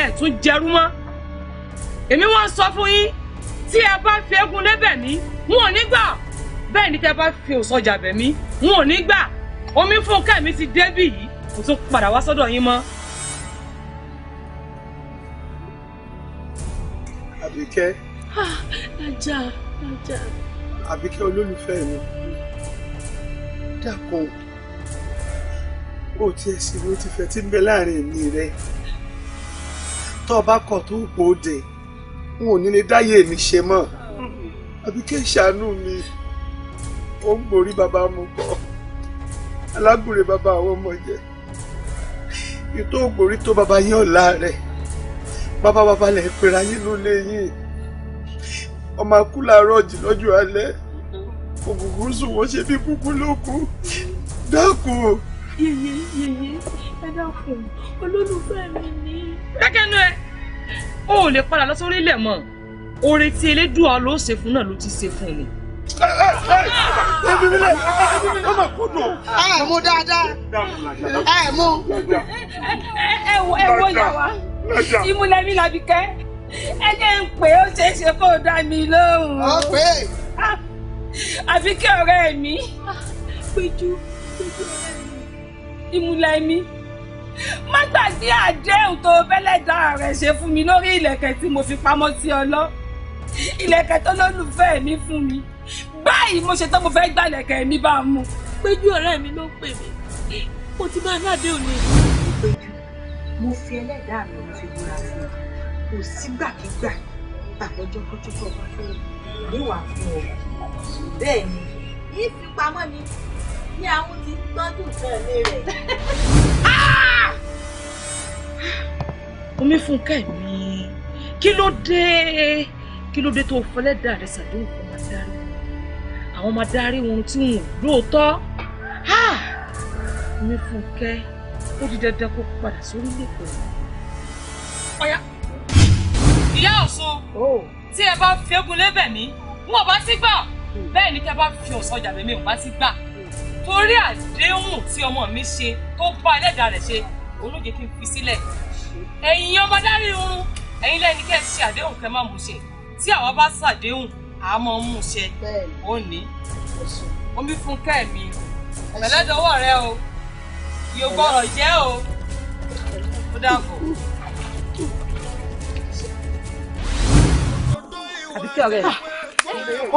ẹ tún jẹrú mọ́ èmi wọ́n sọ fún yín tí ẹ bá fi eégún lébẹ̀ mí wọn ò ní gbà bẹ́ẹ̀ ni tẹ́ bá fi òsọjà bẹ̀ mí wọn ò ní gbà omi fún kẹ́mi ti débì yìí kò tún padà wá sọ́dọ̀ yín mọ́. àbíkẹ́. Ah, ajá ajá. àbíkẹ́ olólùfẹ́ mi dákun ó tiẹ̀ sí ló ti fẹ́ tí ń bẹ láàrin èmi rẹ tó o bá kọ̀ tó gbòde n ò ní lè dáyé mi ṣe mọ́ àbíkẹ́ ìṣàánú mi ó ń borí bàbá mu kọ́ alágùnrin bàbá àwọn ọmọ jẹ́ ètò ògbórí tó bàbá yín ọ̀la rẹ̀ bàbá bàbá lẹ̀ pera yín ló lé yín ọmọ akú làárọ̀ jì lọ́jọ́ alẹ́ ògùngùn sùn wọ́n ṣe bí kúkú ló kú dákun. yèyé yèyé ẹ dákun olólùfẹ́ mi ni. dákẹ́nu ẹ o ò lè padà lọ sórí ilẹ̀ mọ́ oore tí elédùn ọ ló ṣe fún náà ló ti ṣe fún mi ẹ mú dáadáa ẹ mú. ẹ wo ẹ wo yà wá ìmúlẹ̀mí làbí kẹ́ ẹ jẹ́ ń pè ó ṣeé ṣe kó o dá mi lóhùn. ó pè é. àfi kí ọ̀rẹ́ mi péjú ìmúlẹ̀mí má gbà sí àdéhùn tó bẹ́lẹ̀dá rẹ̀ ṣe fún mi lórí ìlẹ̀kẹ̀ tí mo fi pamọ́ sí ọ lọ ìlẹ̀kẹ̀ tó lólùfẹ́ mi fún mi báyìí mo ṣe tán mo fẹ́ gbàlẹ̀kẹ̀ mi bá mú. péjú ọ̀rẹ́ mi ló pè mí mo ti máa náà dé òní. péjú mo fi ẹlẹ́dàá mi mo fi búra fún ọ kò sígbàkigbà tàbọ̀jọ́ kọ́tù bá fẹ́ níwà fún ọ. bẹ́ẹ̀ ni ìfipamọ́ ni ní àwọn ti tọ́jú ìtẹ̀lé rẹ̀. Ah! omi fúnkẹ́ mi kí ló dé kí ló dé tó fọlẹ́dà rẹ̀ ṣàdéhùn kó máa dárí àwọn máa darí wọn tí wọn lóòótọ́ mi fúnkẹ́ ó di dandan kó padà sórílẹ̀ pẹ̀lú. ọ̀yá ìyá ọ̀sán tí ẹ bá fegun lébẹ̀ mí wọn ò bá ti gbà bẹ́ẹ̀ ni tí ẹ bá fi ọ̀sán jàbẹ́ mi ò bá ti gbà torí àdéhùn tí ọmọ mi ṣe tó bá ẹlẹ́dàá rẹ̀ ṣe olóògbé kí n fi sílẹ̀ ẹ̀yin ọmọ dárí oorun ẹ̀yin lẹ́ni kẹ́ ẹ ṣe àdéhùn kẹ́ máa mú ṣe tí àwa bá ṣàdéhùn àmọ́ mú ṣe òní omi fún kẹ́mi pẹ̀lẹ́dọ̀wọ́ rẹ o yóò gbọ́rọ̀ jẹ́ o ó dàbọ̀. àbíkẹ́ ọ̀rẹ́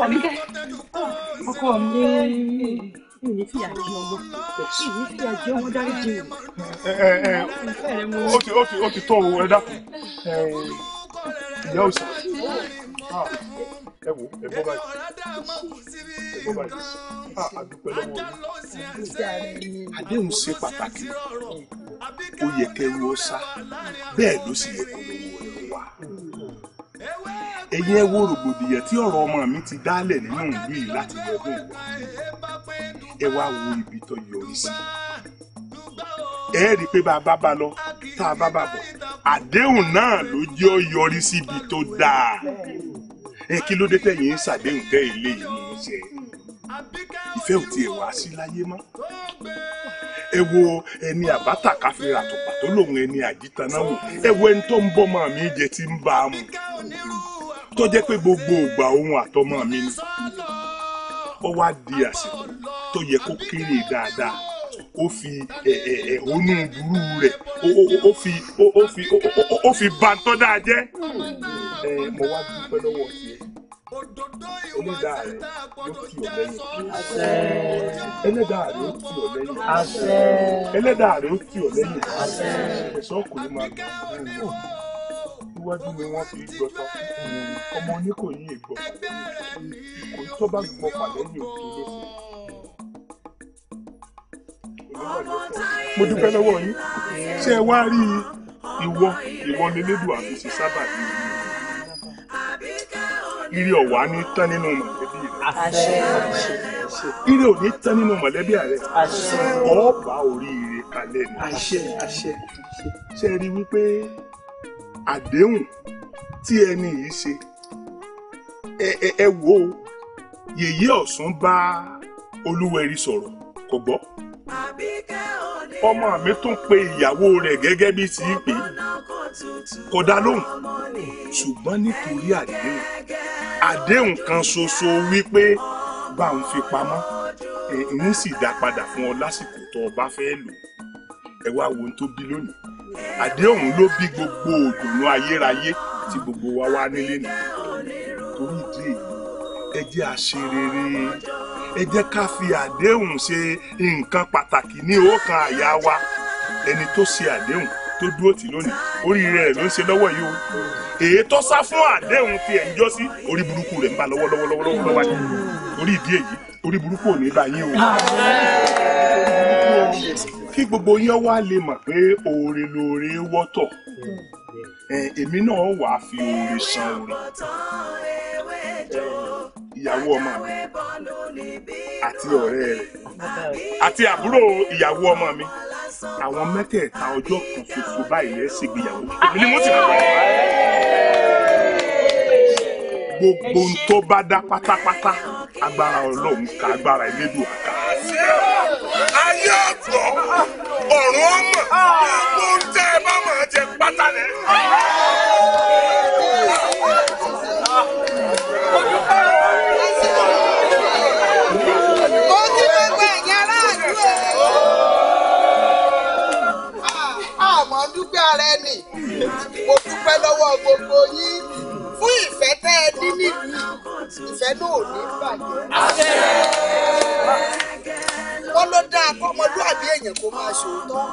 àbíkẹ́ ọkọ mi ìní fìyà jẹ ọmọ ìní fìyà jẹ ọmọ dárí jẹ o. ó ti ó ti ó ti tó owó ẹ dákun ìyá òsì. Ah ẹ wò ẹ bọ́ báyìí. èèyàn rádà mọ́ kù síbi nǹkan ajálọ́ sí ẹsẹ̀ àdéhùn ṣe pàtàkì ó yẹ kẹrù ó sá bẹ́ẹ̀ ló sì yẹ kó lówó rẹ̀ wá. ẹ̀yin ẹ wo rògbòdìyàn tí ọ̀rọ̀ ọmọ mi ti dálẹ̀ nínú ìlú yìí láti lọ́dún ìwà ẹ wá wo ibi tó yọrí sí ẹ rí i pé bá a bá ba lọ tá a bá ba bọ̀ àdéhùn náà ló jẹ́ ó yọrí síbi tó dáa. ẹ kí ló dé tẹ̀yìn ń ṣàdéhùn tẹ́ ilé yìí mú un ṣe ìfẹ́ ò tiẹ̀ wá sí láyé mọ́ ẹ wo ẹni àbáta káfíńrà àtùpà tó lòun ẹni àjítaná wò ẹ wo ẹni gbogbo ògbà ohun mi ni wá di tó yẹ kó kéré dáadáa ó fi ònú burú rẹ̀ ó fi ó fi ó fi ba tó dáa jẹ́ mo wá dúpẹ́ lọ́wọ́ tiẹ̀ ẹlẹ́dàá rẹ̀ ló ti ọ̀ lẹ́yìn. àṣẹ. ẹlẹ́dàá rẹ̀ ó ti ọ̀ lẹ́yìn. àṣẹ. ẹlẹ́dàá rẹ̀ ó ti ọ̀ lẹ́yìn. àṣẹ. ẹ̀sọ́ kò ní máa gbà fún un. iwájú ni wọ́n fi gbọ́tọ̀ ọmọ oníkòyí ìgbọ́ kò tó bá gbọ́ pàdé ní òkè lóṣù mo dúpẹ́ lọ́wọ́ yín ṣé ẹ wá rí ìwọ ìwọ ni lédùn àfisì sábà yìí ire ọ̀wá ní tán nínú mọ̀lẹ́bí rẹ̀ ire ò tán nínú mọ̀lẹ́bí rẹ̀ ọ̀ọ́bà oríire kalẹ̀ ni ṣe rí wípé àdéhùn tí ẹni yìí ṣe ẹ wò yèyé ọ̀sán bá olúwẹ̀rí sọ̀rọ̀ kò gbọ́ ọmọ mi tún pe ìyàwó rẹ̀ gẹ́gẹ́ bí ti pè kò dá lóhùn ṣùgbọ́n nítorí àdéhùn àdéhùn kan ṣoṣo wípé bá ń fi pamọ́ ẹ̀yìn sì dá padà fún ọ lásìkò tó o bá fẹ́ lò ẹ wá wo ohun tó bí lónìí àdéhùn ló bí gbogbo òdùnnú ayérayé tí gbogbo wa wá nílé nìyí torí ìdí èyí ẹ jẹ́ àṣerere ẹ jẹ́ ká fi àdéhùn ṣe nǹkan pàtàkì ní ọkàn àyà wa ẹni tó ṣe àdéhùn tó dúró tì lónìí oríire rẹ̀ ló ń ṣe lọ́wọ́ yìí o èyí tó sá fún àdéhùn tiẹ̀ ń jọ́sí orí burúkú rẹ̀ ń bá lọ́wọ́lọ́wọ́lọ́wọ́ wájú orí ìdí èyí orí burúkú ò ní bá yín o kí gbogbo yín wá lè mọ̀ pé oore wọ́tọ̀ èmi náà wà á fi oore san oore ìyàwó ọmọ mi àti ọ̀rẹ́ rẹ̀ àti àbúrò ìyàwó ọmọ mi àwọn mẹ́tẹ̀ẹ̀ta ọjọ́ kan ṣoṣo báyìí ẹ̀ ṣègbéyàwó èmi ni mo ti rà báyìí gbogbo ohun tó bá dá pátápátá agbára ọlọ́run ká agbára ẹlẹ́dùn àká. ayé ọ̀pọ̀ ọ̀run ọmọ gbogbo ohun tẹ́ ẹ bá máa jẹ pátá lẹ́nu. ò ní bàjẹ́. wọ́n ló dáa kọ́mọlúàbí èèyàn kó máa ṣòótọ́.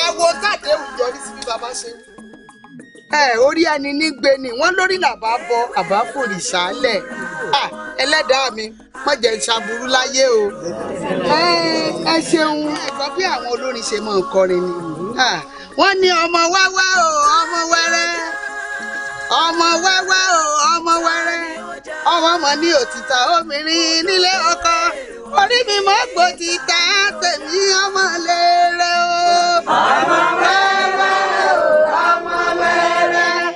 ẹ wo tàdé òjẹ́rí sí bí baba ṣe ẹ orí ẹni nígbe ni wọn lórí làbá bọ àbá fòrì ṣáálẹ̀ ẹlẹ́dàá mi má jẹ́ ṣàbùrú láyé o. ẹ ṣeun ẹ̀kọ́ bí àwọn olórin ṣe máa ń kọrin ni. Wọn ní ọmọ wáwá o ọmọ wẹrẹ ọmọ wáwá o ọmọ wẹrẹ. ọmọ ọmọ ní òtítà obìnrin nílé ọkọ orí mi mọ́ gbòtítà tèmi ọmọ lérè o. ọmọ wẹ́wẹ́ o ọmọ wẹ́rẹ́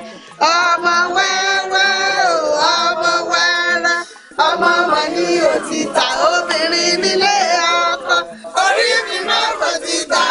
ọmọ wẹ́wẹ́ o ọmọ wẹ́rẹ́ ọmọ ọmọ ní òtítà obìnrin nílé ọkọ orí mi mọ́ gbòtítà.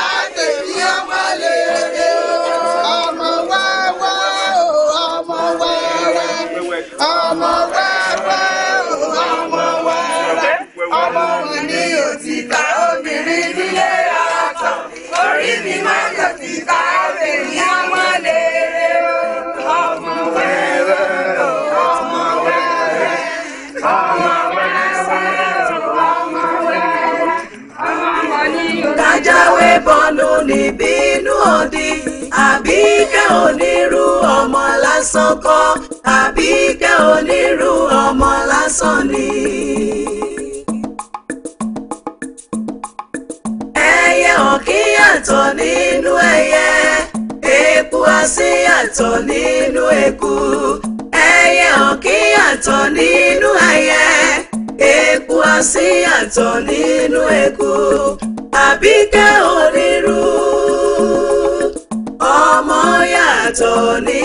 onírú ọmọ lásán kọ́ Àbíkẹ́ onírú ọmọ lásán ni. ẹyẹ ọ̀kín yàtọ̀ nínú ẹyẹ eku asín yàtọ̀ nínú eku ẹyẹ ọ̀kín yàtọ̀ nínú ẹyẹ eku asín yàtọ̀ nínú eku Àbíkẹ́ onírú ọmọ yàtọ̀ ní.